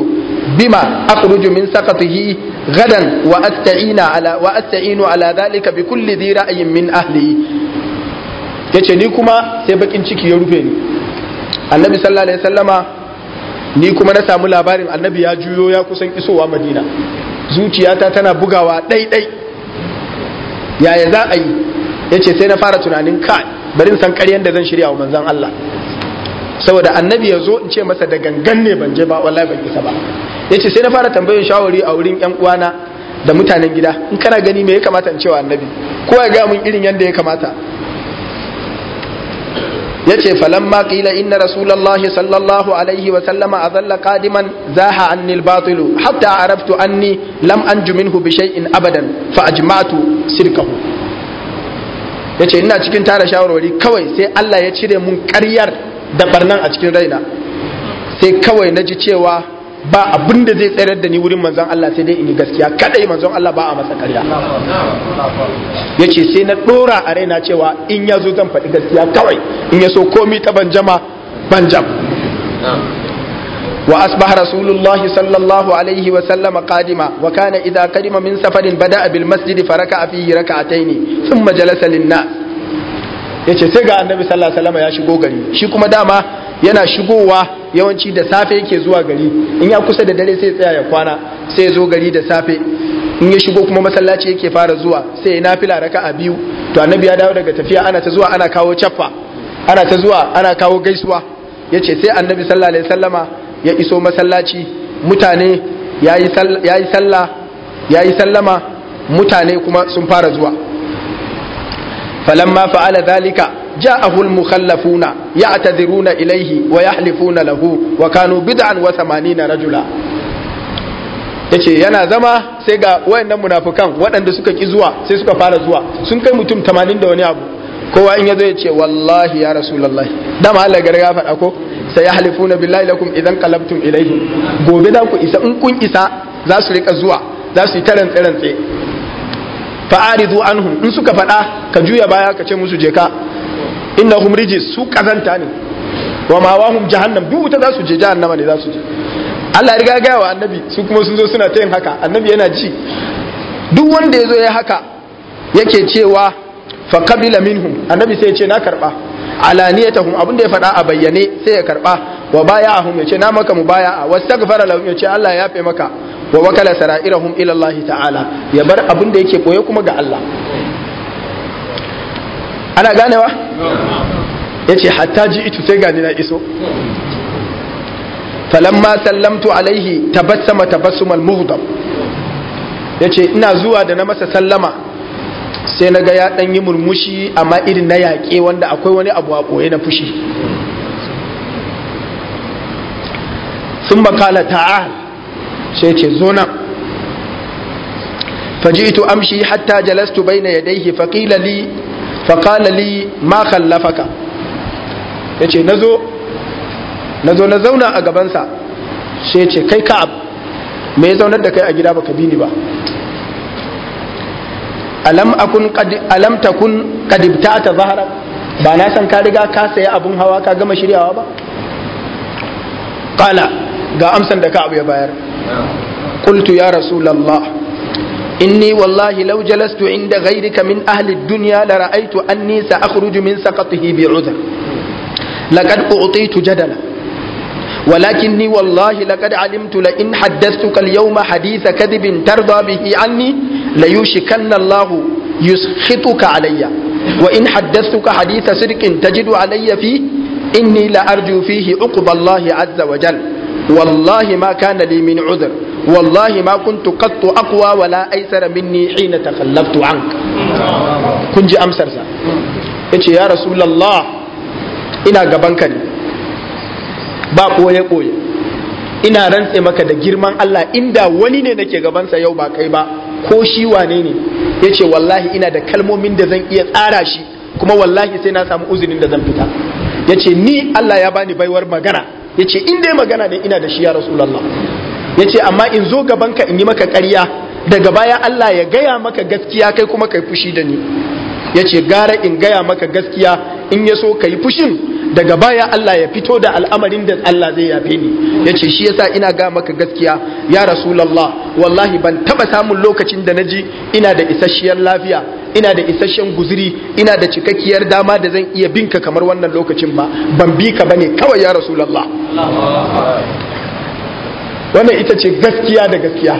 بما أخرج من سقطه غدا واستعين على واستعين على ذلك بكل ذي راي من اهلي yace ni kuma sai bakin ciki ya rufe ni annabi sallallahu alaihi wasallama ni kuma na samu labarin annabi ya juyo ya kusan isowa madina zuciyata tana bugawa ɗaiɗai yaya za a yi yace sai na fara tunanin ka Barin san ƙaryan da zan shirya wa manzon Allah saboda annabi ya zo in ce masa da gangan ne ban je ba wallahi ban isa ba yace sai na fara tambayin shawari a wurin yan uwana da mutanen gida in kana gani me ya kamata in cewa annabi ko ya ga mun irin yanda ya kamata yace falamma qila inna rasulallahi sallallahu alaihi wa sallama azalla qadiman zaha anni al-batil hatta araftu anni lam anju minhu bi shay'in abadan fa ajma'tu sirkahu yace ina cikin tara shawarwari kawai sai Allah ya cire mun karyar. da barnan a cikin raina sai kawai na ji cewa ba abin da zai tsayar da ni wurin manzon Allah sai dai in yi gaskiya kadai manzon Allah ba a masa karya ya ce sai na dora a raina cewa in ya zo zan faɗi gaskiya kawai in ya so komi ta banjama banjam وأصبح رسول الله kadima الله عليه وسلم قادما وكان إذا قدم من a fi hira ka فيه ركعتين ثم جلس للناس yace sai ga annabi sallallahu alaihi ya shigo gari shi kuma dama yana shigowa yawanci da safe yake zuwa gari in ya kusa da dare sai tsaya ya kwana sai ya zo gari da safe in ya shigo kuma masallaci yake fara zuwa sai ya nafila a biyu to annabi ya dawo daga tafiya ana ta zuwa ana kawo caffa ana ta zuwa ana kawo gaisuwa yace sai annabi sallallahu alaihi wasallama ya iso masallaci mutane yayi sallah yayi sallama mutane kuma sun fara zuwa فلما فعل ذلك جاءه المخلفون يعتذرون إليه ويحلفون له وكانوا بدعا وثمانين رجلا yace yana zama sai ga wayannan munafukan waɗanda suka ki zuwa sai suka fara zuwa sun kai mutum 80 da wani abu kowa in yazo yace wallahi ya rasulullahi dama Allah garga faɗa ko sai ya halifuna billahi lakum idan qalabtum ilayhi gobe da ku isa in kun isa za su rika zuwa za su yi rantse fa'aridu anhum in suka faɗa ka juya baya ka ce musu je ka hum rijis su kazanta ne wa hum jahannam duk wuta za su je jahannama ne za su je Allah ya riga gaya wa annabi su kuma sun zo suna ta yin haka annabi yana ji duk wanda ya zo ya haka yake cewa fa qabila minhum annabi sai ya ce na karba alaniyatahum abinda ya faɗa a bayyane sai ya karba wa baya'ahum ya ce na maka mubaya'a wastaghfara lahum ya ce Allah ya yafe maka wa wakala sara'irahum ila Allah ta'ala ya bar abin da yake koye kuma ga Allah ana ganewa yace hatta ji itu sai gani na iso falamma sallamtu alaihi tabassama tabassumal muhdab yace ina zuwa da na masa sallama sai na ga ya dan yi murmushi amma irin na yaƙe wanda akwai wani abu a koye na fushi sun makala ta'ala sai ce zo nan faji'tu amshi hatta jalastu baina yadayhi faqila li faqala li ma khallafaka yace nazo nazo na zauna a gaban sa sai ce kai ka'ab me ya zaunar da kai a gida baka bi ni ba alam akun qad alam takun qad ibta'ta zahara ba na san ka riga ka saya abun hawa ka gama shiryawa ba qala ga amsan da ka'ab ya bayar يا رسول الله إني والله لو جلست عند غيرك من أهل الدنيا لرأيت أني سأخرج من سقطه بعذر لقد أعطيت جدلا ولكني والله لقد علمت لئن حدثتك اليوم حديث كذب ترضى به عني ليوشكن الله يسخطك علي وإن حدثتك حديث صدق تجد علي فيه إني لأرجو فيه عقب الله عز وجل wallahi ma kana li min udhr wallahi ma kuntu qattu aqwa wala aysara minni hina takhallaftu ank kun ji amsar sa yace ya rasulullah ina gaban ka ba koye koye ina rantse maka da girman Allah inda wani ne nake gabansa yau ba kai ba ko shi wane ne yace wallahi ina da kalmomin da zan iya tsara shi kuma wallahi sai na samu uzinin da zan fita yace ni Allah ya bani baiwar magana yace in dai magana da ina da shi ya rasulullah yace amma in zo gaban ka in yi maka karya. daga baya Allah ya gaya maka gaskiya kai kuma kai fushi da ni yace gara in gaya maka gaskiya in ya so ka yi fushin daga baya Allah ya fito da al'amarin da Allah zai yafe ni ya ce shi yasa ina ga maka gaskiya ya rasulallah wallahi ban taba samun lokacin da na ji ina da isasshiyar lafiya ina da isasshen guziri ina da cikakkiyar dama da zan iya binka kamar wannan lokacin ba ban bi ka bane kawai ya rasulallah wannan ita ce gaskiya da gaskiya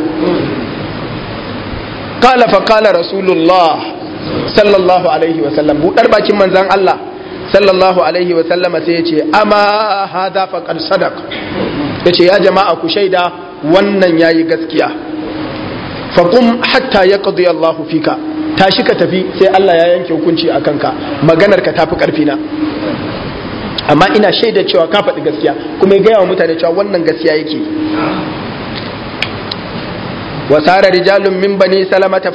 kala fa kala rasulullah sallallahu alaihi wasallam budar bakin manzan Allah sallallahu alaihi wa sallama sai ya ce amma hada faqad sadaq ya ce ya jama'a ku shaida wannan yayi gaskiya faƙun hatta yaqdi Allahu fika tashi ka tafi sai Allah ya yanke hukunci a kanka maganar ka tafi karfi na amma ina shaida cewa ka faɗi gaskiya kuma ya gaya wa mutane cewa wannan gaskiya yake وسار رجال من بني سلمة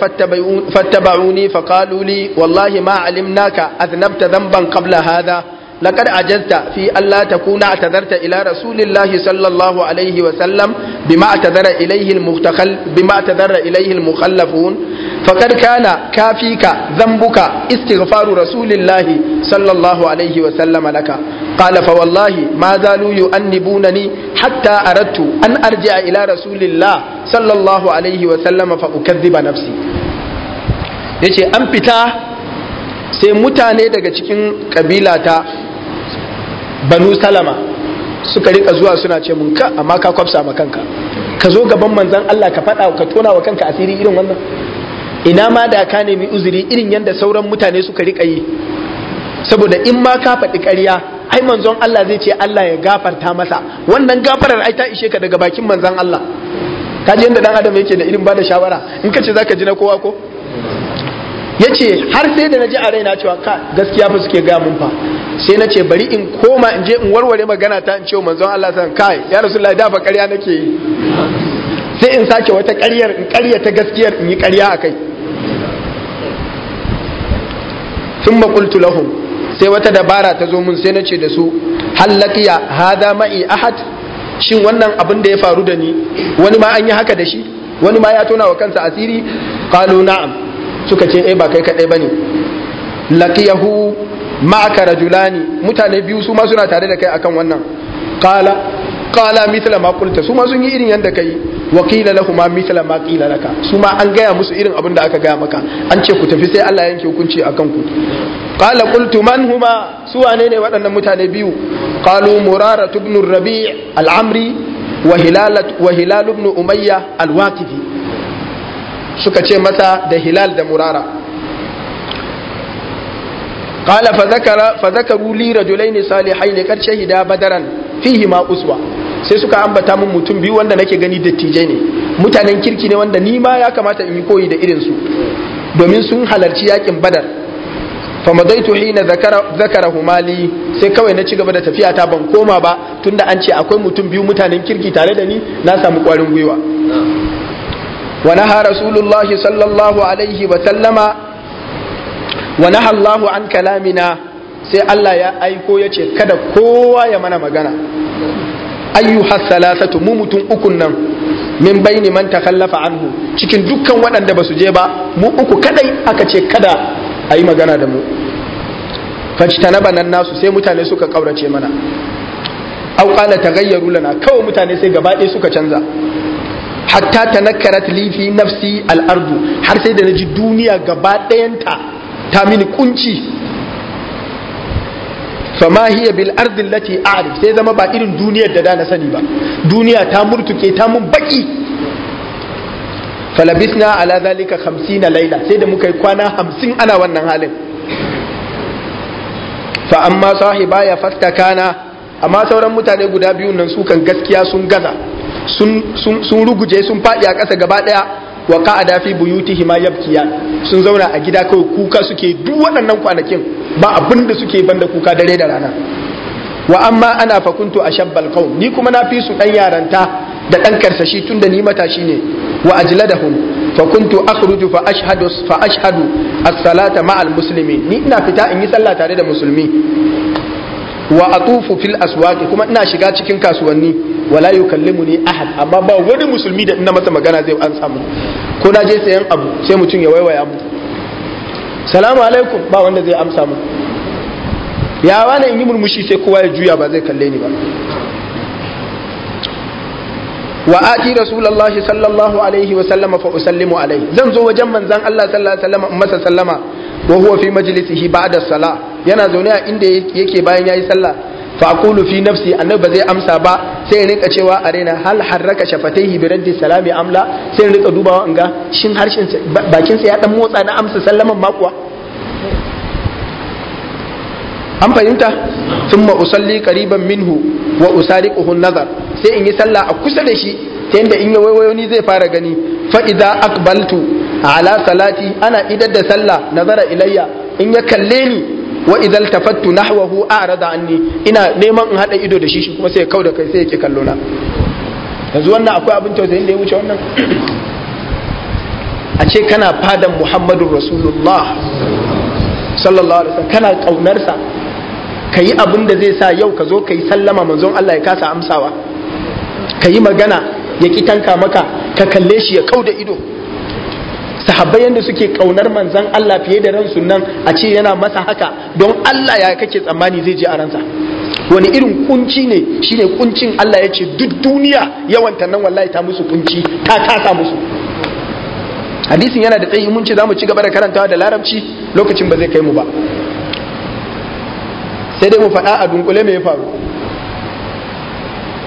فاتبعوني فقالوا لي والله ما علمناك أذنبت ذنبا قبل هذا لقد عجزت في ألا تكون اعتذرت إلى رسول الله صلى الله عليه وسلم بما اعتذر إليه المختخل بما اعتذر إليه المخلفون فقد كان كافيك ذنبك استغفار رسول الله صلى الله عليه وسلم لك قال فوالله ما زالوا يؤنبونني حتى أردت أن أرجع إلى رسول الله sallallahu alaihi wa sallama fa ukadhiba nafsi yace an fita sai mutane daga cikin kabila ta banu salama suka rika zuwa suna ce mun ka amma ka kwafsa ma kanka ka zo gaban manzon Allah ka fada ka tona wa kanka asiri irin wannan ina ma da ka nemi uzuri irin yadda sauran mutane suka rika yi saboda in ma ka faɗi ƙarya ai manzon Allah zai ce Allah ya gafarta masa wannan gafarar ai ta ishe ka daga bakin manzon Allah ji yadda dan adam yake da irin bada shawara in ka ce zaka ji na kowa ko Ya ce har sai da na ji a raina cewa ka gaskiya fa suke ga mun fa sai na ce bari in koma in je in warware magana ta in ce manzon Allah san kai ya rasulullahi da fa ƙarya nake yi sai in sake wata ƙaryar in ƙarya ta gaskiyar in yi ƙarya akai thumma qultu lahum sai wata dabara ta zo mun sai na ce da su hallaqiya hada ma'i ahad shin wannan abin da ya faru da ni wani ma an yi haka da shi wani ma ya tona wa kansa asiri qalu na'am suka ce eh ba kai kadai bane laqiyahu ma'aka rajulani mutane biyu su ma suna tare da kai akan wannan qala qala mithla ma qulta su ma sun yi irin yanda kai wa qila lahum mithla ma qila laka su ma an gaya musu irin abin da aka gaya maka an ce ku tafi sai Allah yanke hukunci akan ku qala qultu man huma su wane ne waɗannan mutane biyu قالوا مرارة بن الربيع العمري وهلال, وهلال بن أمية da سكتي متى ده هلال ده مرارة قال فذكر فذكروا لي رجلين صالحين قد شهدا بدرا فيهما أسوة sai suka ambata min mutum biyu wanda nake gani dattijai ne mutanen kirki ne wanda ni ma ya kamata in yi koyi da irinsu domin sun halarci yakin badar famadaitu hina zakarahu mali sai kawai na ci gaba da tafiya ta ban koma ba tunda an ce akwai mutum biyu mutanen kirki tare da ni na samu kwarin gwiwa wa naha rasulullahi sallallahu alaihi wa sallama wa naha Allahu an kalamina sai Allah ya aiko ya ce kada kowa ya mana magana ayyuha salasatu mu mutum ukun nan min baini man takallafa anhu cikin dukkan waɗanda ba su je ba mu uku kadai aka ce kada a yi magana da mu na banan nasu sai mutane suka kaurace mana aw ta taghayyaru lana kawai mutane sai gaba ɗaya suka canza hatta tanakkarat li fi nafsi al'adu har sai da naji duniya gaba ɗayanta ta mini kunci fama hiya bil sai zama ba irin duniyar da da na sani ba duniya ta murtuke ta mun baki falabisna ala zalika na laila sai da muka yi kwana hamsin ana wannan halin fa amma sahiba ya fastakana amma sauran mutane guda biyu nan su kan gaskiya sun gaza sun ruguje sun faɗi a kasa gaba ɗaya wa ka'ada fi buyutihi ma yabkiya sun zauna a gida kawai kuka suke duk waɗannan kwanakin ba abin da suke banda kuka dare da rana wa amma ana fakuntu ashabbal qaum ni kuma na fi su dan yaranta da dan karsashi da ni matashi ne wa ajladahum fakuntu akhruju fa ashhadu fa ashhadu as-salata ma'al muslimin ni ina fita in yi sallah tare da musulmi wa atufu fil aswaqi kuma ina shiga cikin kasuwanni wala yukallimuni ahad amma ba wani musulmi da ina masa magana zai an samu ko na je sayan abu sai mutum ya waiwaya mu salamu alaikum ba wanda zai amsa mu ya wani in yi murmushi sai kowa ya juya ba zai kalle ni ba wa ati rasulullahi sallallahu alaihi wa sallama fa usallimu alaihi zan zo wajen manzan Allah sallallahu alaihi wa masa sallama wa huwa fi majlisihi ba'da salah yana zaune a inda yake bayan yayi sallah fa aqulu fi nafsi annabi ba zai amsa ba sai in rika cewa a raina hal harraka shafataihi bi raddi salami amla sai in rika dubawa in ga shin harshen bakinsa ya dan motsa na amsa sallaman makuwa an fahimta ma usalli kariban minhu wa kuhun nazar sai in yi sallah a kusa da shi ta yadda in ya waiwayo ni zai fara gani fa idza aqbaltu ala salati ana idar da sallah nazara ilayya in ya kalle ni wa idza tafattu nahwahu a'rada anni ina neman in hada ido da shi shi kuma sai ya kauda kai sai yake kallo na yanzu wannan akwai abin da ya wuce wannan a ce kana fadan Muhammadu rasulullah sallallahu alaihi wasallam kana kaunarsa ka yi abin da zai sa yau ka zo ka yi sallama manzon Allah ya kasa amsawa ka yi magana ya ki tanka maka ka kalle shi ya kau da ido sahabbai yadda suke kaunar manzon Allah fiye da ransu nan a ce yana masa haka don Allah ya kake tsammani zai je a ransa wani irin kunci ne shine kuncin Allah ya ce duk duniya yawan nan wallahi ta musu kunci ta kasa musu hadisin yana da tsayi mun ce za mu ci gaba da karantawa da larabci lokacin ba zai kai mu ba sai dai mu faɗa a dunkule mai ya faru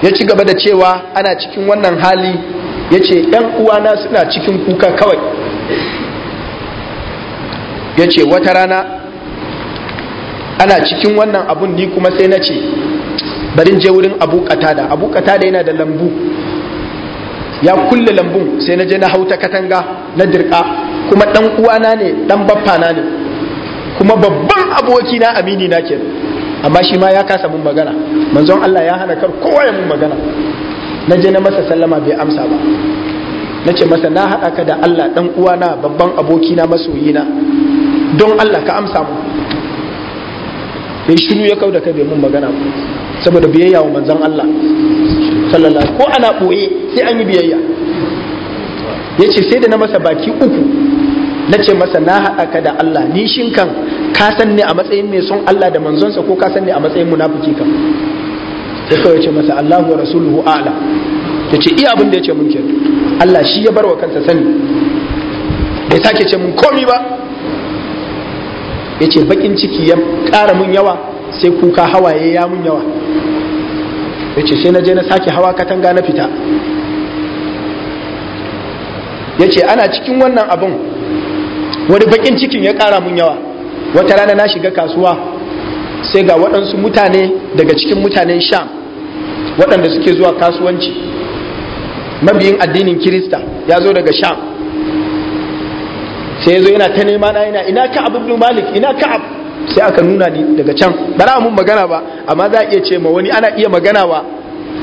ya ci gaba da cewa ana cikin wannan hali ya ce ‘yan uwana suna cikin kuka kawai ya ce wata rana ana cikin wannan abun ni kuma sai na ce barin je wurin abu katada abu katada yana da lambu ya kulle lambun sai na je na hauta katanga na dirka kuma ɗan uwana ne ɗan baffana ne kuma babban abokina amini na kenan amma shi ma ya kasa mun magana manzon Allah ya hana kar kowa ya mun magana na je na masa sallama bai amsa ba na ce masa na haɗa ka da Allah ɗan uwana babban aboki masoyi masoyina don Allah ka amsa mu bai shiru ya kauda kai bai mun magana ba saboda biyayya wa manzon Allah sallallahu ko ana ɓoye sai an yi biyayya ya ce sai da na masa baki uku na ce masa na haɗa ka da Allah ni shinkan ka san ne a matsayin mai son Allah da manzonsa ko ka san ne a matsayin munafiki ka sai kawai ce masa Allahu wa rasuluhu a'la ta ce iya abin da ya ce mun kenan Allah shi ya barwa kansa sani bai sake ce mun komi ba ya ce bakin ciki ya ƙara mun yawa sai kuka hawaye ya mun yawa ya ce sai na je na sake hawa katanga na fita ya ce ana cikin wannan abin wani bakin cikin ya ƙara mun yawa wata rana na shiga kasuwa sai ga waɗansu mutane daga cikin mutanen sham waɗanda suke zuwa kasuwanci mabiyin addinin kirista ya zo daga sham sai ya zo yana ta nema na yana ina ka ibn malik ina ka'ab sai aka nuna ni daga can ba za mun magana ba amma za a iya ce ma wani ana iya magana wa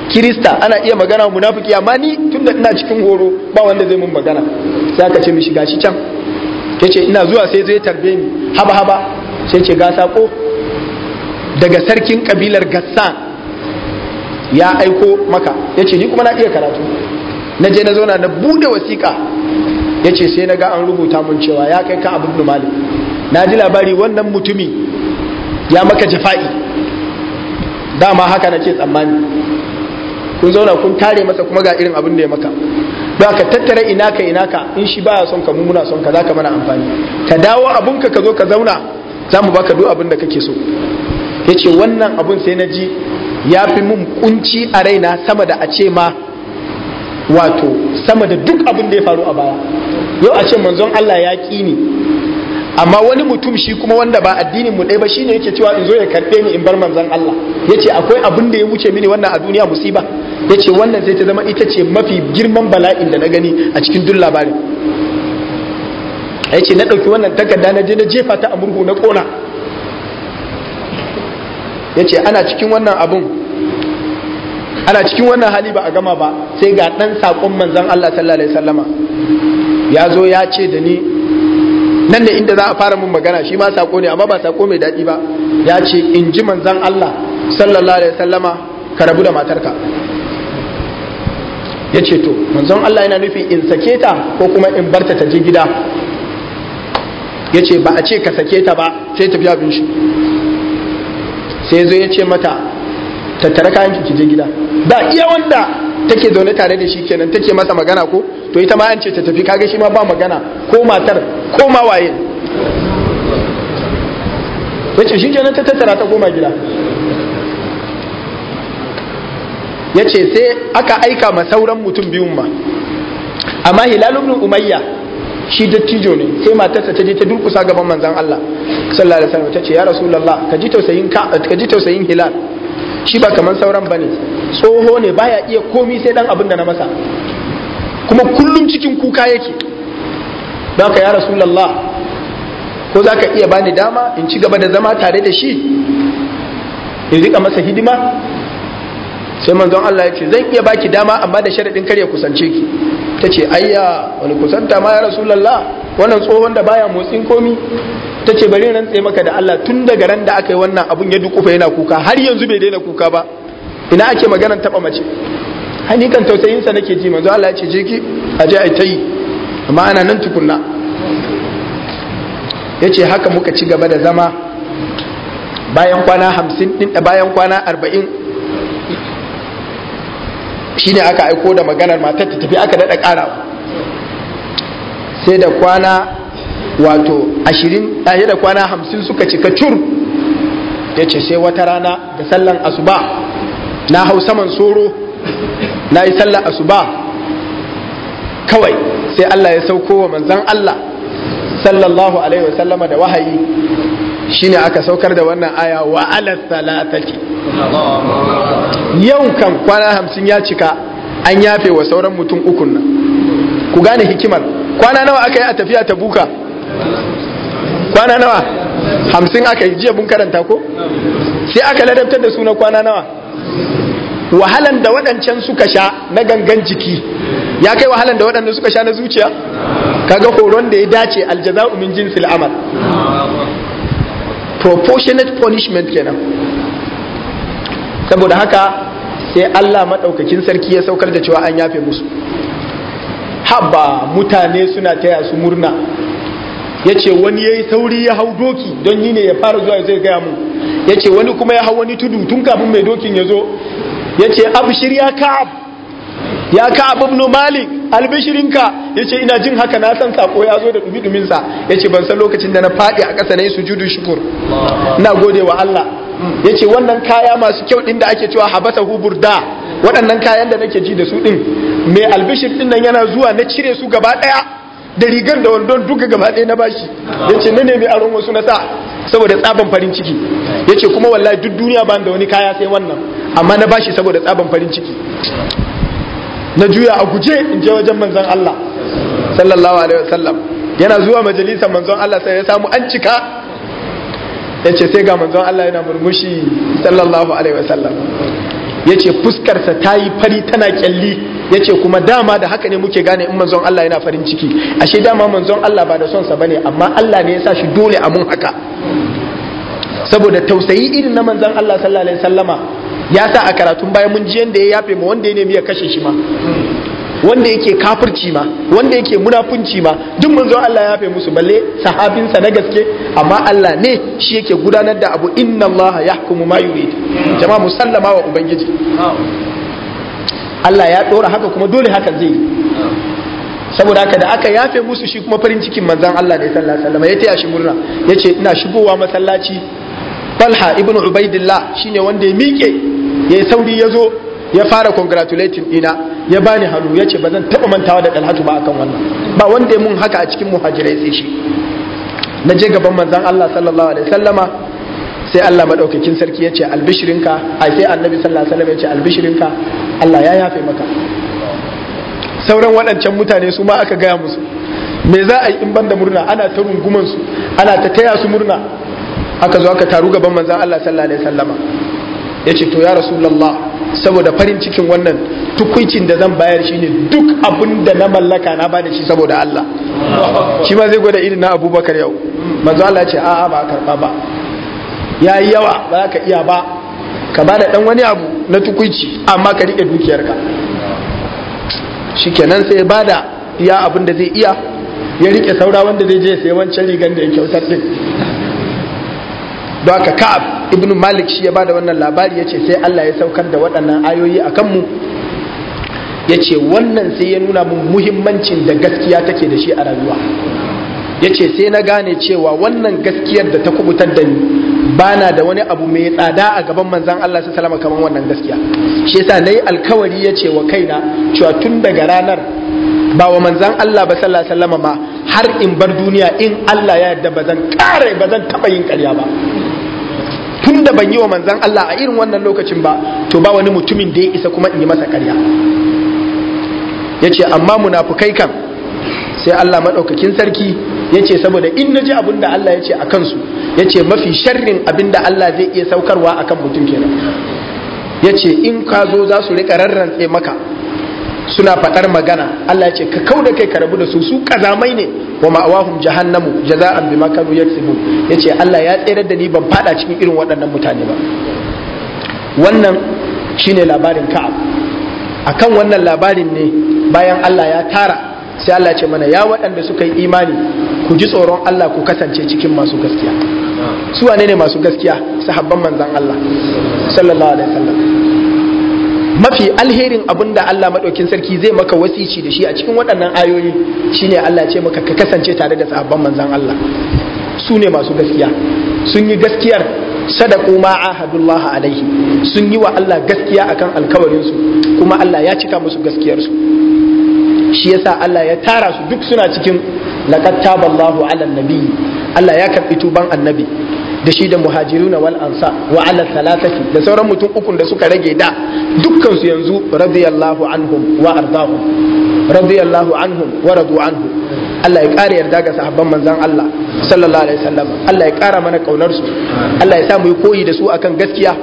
kirista ana iya magana wa munafiki amma ni tunda ina cikin horo ba wanda zai mun magana sai aka ce mu shiga shi can yace ina zuwa sai zai tarbe ni haba haba sai ce ga sako daga sarkin kabilar gassan ya aiko maka yace ce ni kuma na iya karatu na je na zauna na bude wasiƙa yace sai na ga an rubuta mun cewa ya kai ka abin da na ji labari wannan mutumi ya maka jafa'i dama haka na ce tsammani kun zauna kun tare masa kuma ga irin abin da ya maka ba ka tattara ina ka ina ka in shi baya son ka muna son ka za ka mana amfani ka dawo abun ka ka zo ka zauna za mu baka duk abin da kake so ya ce wannan abun sai na ji ya fi mun kunci a raina sama da a ce ma wato sama da duk abin da ya faru a baya yau a ce manzon Allah ya ƙi ni amma wani mutum shi kuma wanda ba addinin mu ɗaya ba shine yake cewa in zo ya karɓe ni in bar manzon Allah yace akwai abin da ya wuce mini wannan a duniya musiba ya ce wannan sai ta zama ita ce mafi girman bala'in da na gani a cikin duk labarin ya ce na ɗauki wannan takarda na je na jefa ta a murhu na ƙona ya ce ana cikin wannan abin ana cikin wannan hali ba a gama ba sai ga ɗan saƙon manzan Allah sallallahu alaihi sallama ya zo ya ce da ni nan da inda za a fara mun magana shi ma saƙo ne amma ba saƙo mai daɗi ba ya ce in ji manzan Allah sallallahu alaihi sallama ka rabu da matarka ya ce to manzon Allah yana nufi in sake ta ko kuma in barta ta je gida ya ce ba a ce ka sake ta ba sai tafi abin shi sai zo ya ce mata tattara kayan ki je gida ba iya wanda take zaune tare da shi kenan take masa magana ko to ita ma an ce ta tafi kaga shi ma ba magana ko matar ko ma waye wace shi kenan ta tattara ta koma gida ya ce sai aka aika ma sauran mutum biyun ma amma hilal ibn umayya shi dattijo ne sai matarsa ta je ta durkusa gaban manzon Allah sallallahu alaihi wasallam ta ce ya rasulullah ka ji tausayin ka ka ji tausayin hilal shi ba kaman sauran bane tsoho ne baya iya komi sai dan abin da na masa kuma kullum cikin kuka yake don ka ya rasulullah ko za ka iya bani dama in ci gaba da zama tare da shi in rika masa hidima sai manzon Allah ya ce zan iya baki dama amma da sharadin kar ya kusance ki ta ce ayya wani kusanta ma ya rasulullah wannan tsohon da baya motsin komi ta ce bari rantse maka da Allah tun daga ran da aka yi wannan abun ya dukufa yana kuka har yanzu bai daina kuka ba ina ake maganar taba mace hani kan tausayin sa nake ji manzo Allah ya ce je ki a je ai tayi amma ana nan tukunna yace haka muka ci gaba da zama bayan kwana 50 din bayan kwana 40 shine aka aiko da maganar matar ta tafi aka dada kara sai da kwana wato ashirin a da kwana hamsin suka cika cur ya ce sai wata rana da sallan asuba na hau saman soro na yi sallan asuba kawai sai Allah ya sauko wa manzan Allah sallallahu alaihi wasallama da wahayi shine aka saukar da wannan aya wa ala salatati yau kan kwana hamsin ya cika an yafe wa sauran mutum ukun nan ku gane hikimar kwana nawa aka yi a tafiya ta buka kwana nawa hamsin aka yi jiya mun karanta ko sai aka ladabtar da suna kwana nawa wahalan da waɗancan suka sha na gangan jiki ya kai wahalan da waɗanda suka sha na zuciya kaga horon da ya dace aljaza'u min jinsil amal proportionate punishment kenan saboda haka sai Allah maɗaukakin sarki ya saukar da cewa an yafe musu haba mutane suna taya su murna ya ce wani ya yi sauri ya hau doki don yi ne ya fara zuwa zai gaya mu ya ce wani kuma ya hau wani tudu tun kafin mai dokin ya zo ya ce abu shirya ka'ab ya ka abubnu malik ka? ya ce ina jin haka na san sako ya zo da dumi-duminsa ya ce ban san lokacin da na faɗi a ƙasa na yi sujudu shukur na gode wa Allah ya ce wannan kaya masu kyau ɗin da ake cewa habasa hubur da waɗannan kayan da nake ji da su ɗin mai albishir ɗin nan yana zuwa na cire su gaba ɗaya da rigar da wandon duka gaba ɗaya na bashi ya ce na nemi aron wasu na sa saboda tsaban farin ciki ya ce kuma wallahi duk duniya bani da wani kaya sai wannan amma na bashi saboda tsaban farin ciki na juya a guje in je wajen manzon Allah sallallahu alaihi wasallam yana zuwa majalisa manzon Allah sai ya samu an cika ya ce sai ga manzon Allah yana murmushi sallallahu alaihi wasallam ya ce fuskarsa ta yi fari tana kyalli ya ce kuma dama da haka ne muke gane in manzon Allah yana farin ciki ashe dama manzon Allah ba da son sonsa bane amma Allah ne ya sa shi dole a mun haka saboda tausayi irin na manzon Allah sallallahu alaihi wasallama ya sa a karatun bayan mun ji yanda ya yafe ma wanda ya nemi ya kashe shi ma wanda yake kafirci ma wanda yake munafunci ma duk manzo Allah ya yafe musu balle sahabinsa na gaske amma Allah ne shi yake gudanar da abu inna Allah yahkumu ma yurid jama'a musallama wa ubangiji Allah ya dora haka kuma dole haka zai saboda haka da aka yafe musu shi kuma farin cikin manzon Allah ne sallallahu alaihi wasallam ya taya shi murna yace ina shigowa masallaci Talha ibn Ubaidillah shine wanda ya miƙe ya yi sauri ya zo ya fara congratulating ina ya bani hannu ya ce ba zan taɓa mantawa da dalhatu ba akan wannan ba wanda mun haka a cikin muhajirai sai shi na je gaban manzon Allah sallallahu alaihi wasallama sai Allah madaukakin sarki ya ce albishirinka a sai annabi sallallahu alaihi wasallam ya ce albishirinka Allah ya yafe maka sauran waɗancan mutane su ma aka gaya musu me za a yi in banda murna ana ta rungumansu su ana ta taya su murna aka zo aka taru gaban manzon Allah sallallahu alaihi wasallama ya ce to ya rasu rasulallah saboda farin cikin wannan tukuncin da zan bayar shi ne duk abin da na mallaka na bada shi saboda Allah shi ma zai gwada irin na abubakar yau manzo Allah ce a'a ba karba ba ya yi yawa ba za ka iya ba ka bada dan wani abu na tukuici amma ka rike dukiyarka shikenan sai bada iya abin da zai iya ya rike saura wanda zai je sai wancan rigan da ya kyautar din don haka ka'ab ibn malik shi ya bada wannan labari ya ce sai allah ya saukar da waɗannan ayoyi a kanmu ya ce wannan sai ya nuna mun muhimmancin da gaskiya take da shi a rayuwa ya ce sai na gane cewa wannan gaskiyar da ta kubutar da ni na da wani abu mai tsada a gaban manzan Allah su salama kamar wannan gaskiya shi yasa na yi alkawari ya ce wa kaina cewa tun daga ranar ba wa manzan Allah ba sallallahu alaihi ba har in bar duniya in Allah ya yarda ba zan kare ba zan taba yin karya ba tunda ban yi wa manzan Allah a irin wannan lokacin ba to ba wani mutumin da ya isa kuma in yi masa karya ce amma munafukai kan sai Allah maɗaukakin sarki Ya ce saboda in na ji abin da Allah ya ce a kansu ya ce mafi sharrin abin da Allah zai iya saukarwa a kan mutum kenan Ya ce in ka zo za su rika rarrantse maka suna faɗar magana Allah ya ce ka kau da kai ka rabu da su su kazamai ne wa ma'awahum jahannamu jaza'an bima kanu yaksubu yace Allah ya tsere da ni ban fada cikin irin waɗannan mutane ba wannan shine labarin Ka'ab akan wannan labarin ne bayan Allah ya tara sai Allah ya ce mana ya waɗanda suka yi imani ku ji tsoron Allah ku kasance cikin masu gaskiya su wane ne masu gaskiya sahabban manzon Allah sallallahu alaihi wasallam mafi alherin abin da Allah maɗaukin sarki zai maka wasici da shi a cikin waɗannan ayoyi shine Allah ce maka ka kasance tare da sahabban manzan Allah su ne masu gaskiya sun yi gaskiyar sadaku ma ahadullah alaihi sun yi wa Allah gaskiya akan alkawarin kuma Allah ya cika musu gaskiyarsu. su shi yasa Allah ya tara su duk suna cikin laqad taballahu ala Allah ya karbi tuban annabi da shi da muhajiruna wal ansa wa ala salatati da sauran mutum uku da suka rage da dukkan su yanzu radiyallahu anhum wa ardahu radiyallahu anhum wa radu anhu Allah ya ƙara yarda ga sahabban manzan Allah sallallahu alaihi wasallam Allah ya ƙara mana kaunar su Allah ya sa mu yi koyi da su akan gaskiya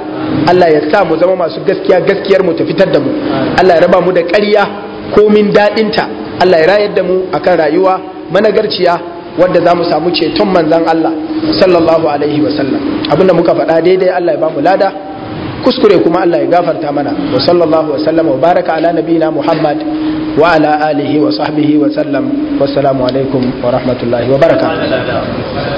Allah ya sa mu zama masu gaskiya gaskiyar mu ta fitar da mu Allah ya raba mu da ƙarya komin daɗinta Allah ya rayar da mu akan rayuwa managarciya wadda za mu samu ceton manzan Allah sallallahu alaihi wasallam abinda muka faɗa daidai Allah ya bamu lada kuskure kuma Allah ya gafarta mana wa sallallahu wasallam wa baraka ala nabiyina Muhammad wa ala alihi wa sahbihi wa sallam wassalamu alaikum wa rahmatullahi wa barakatuh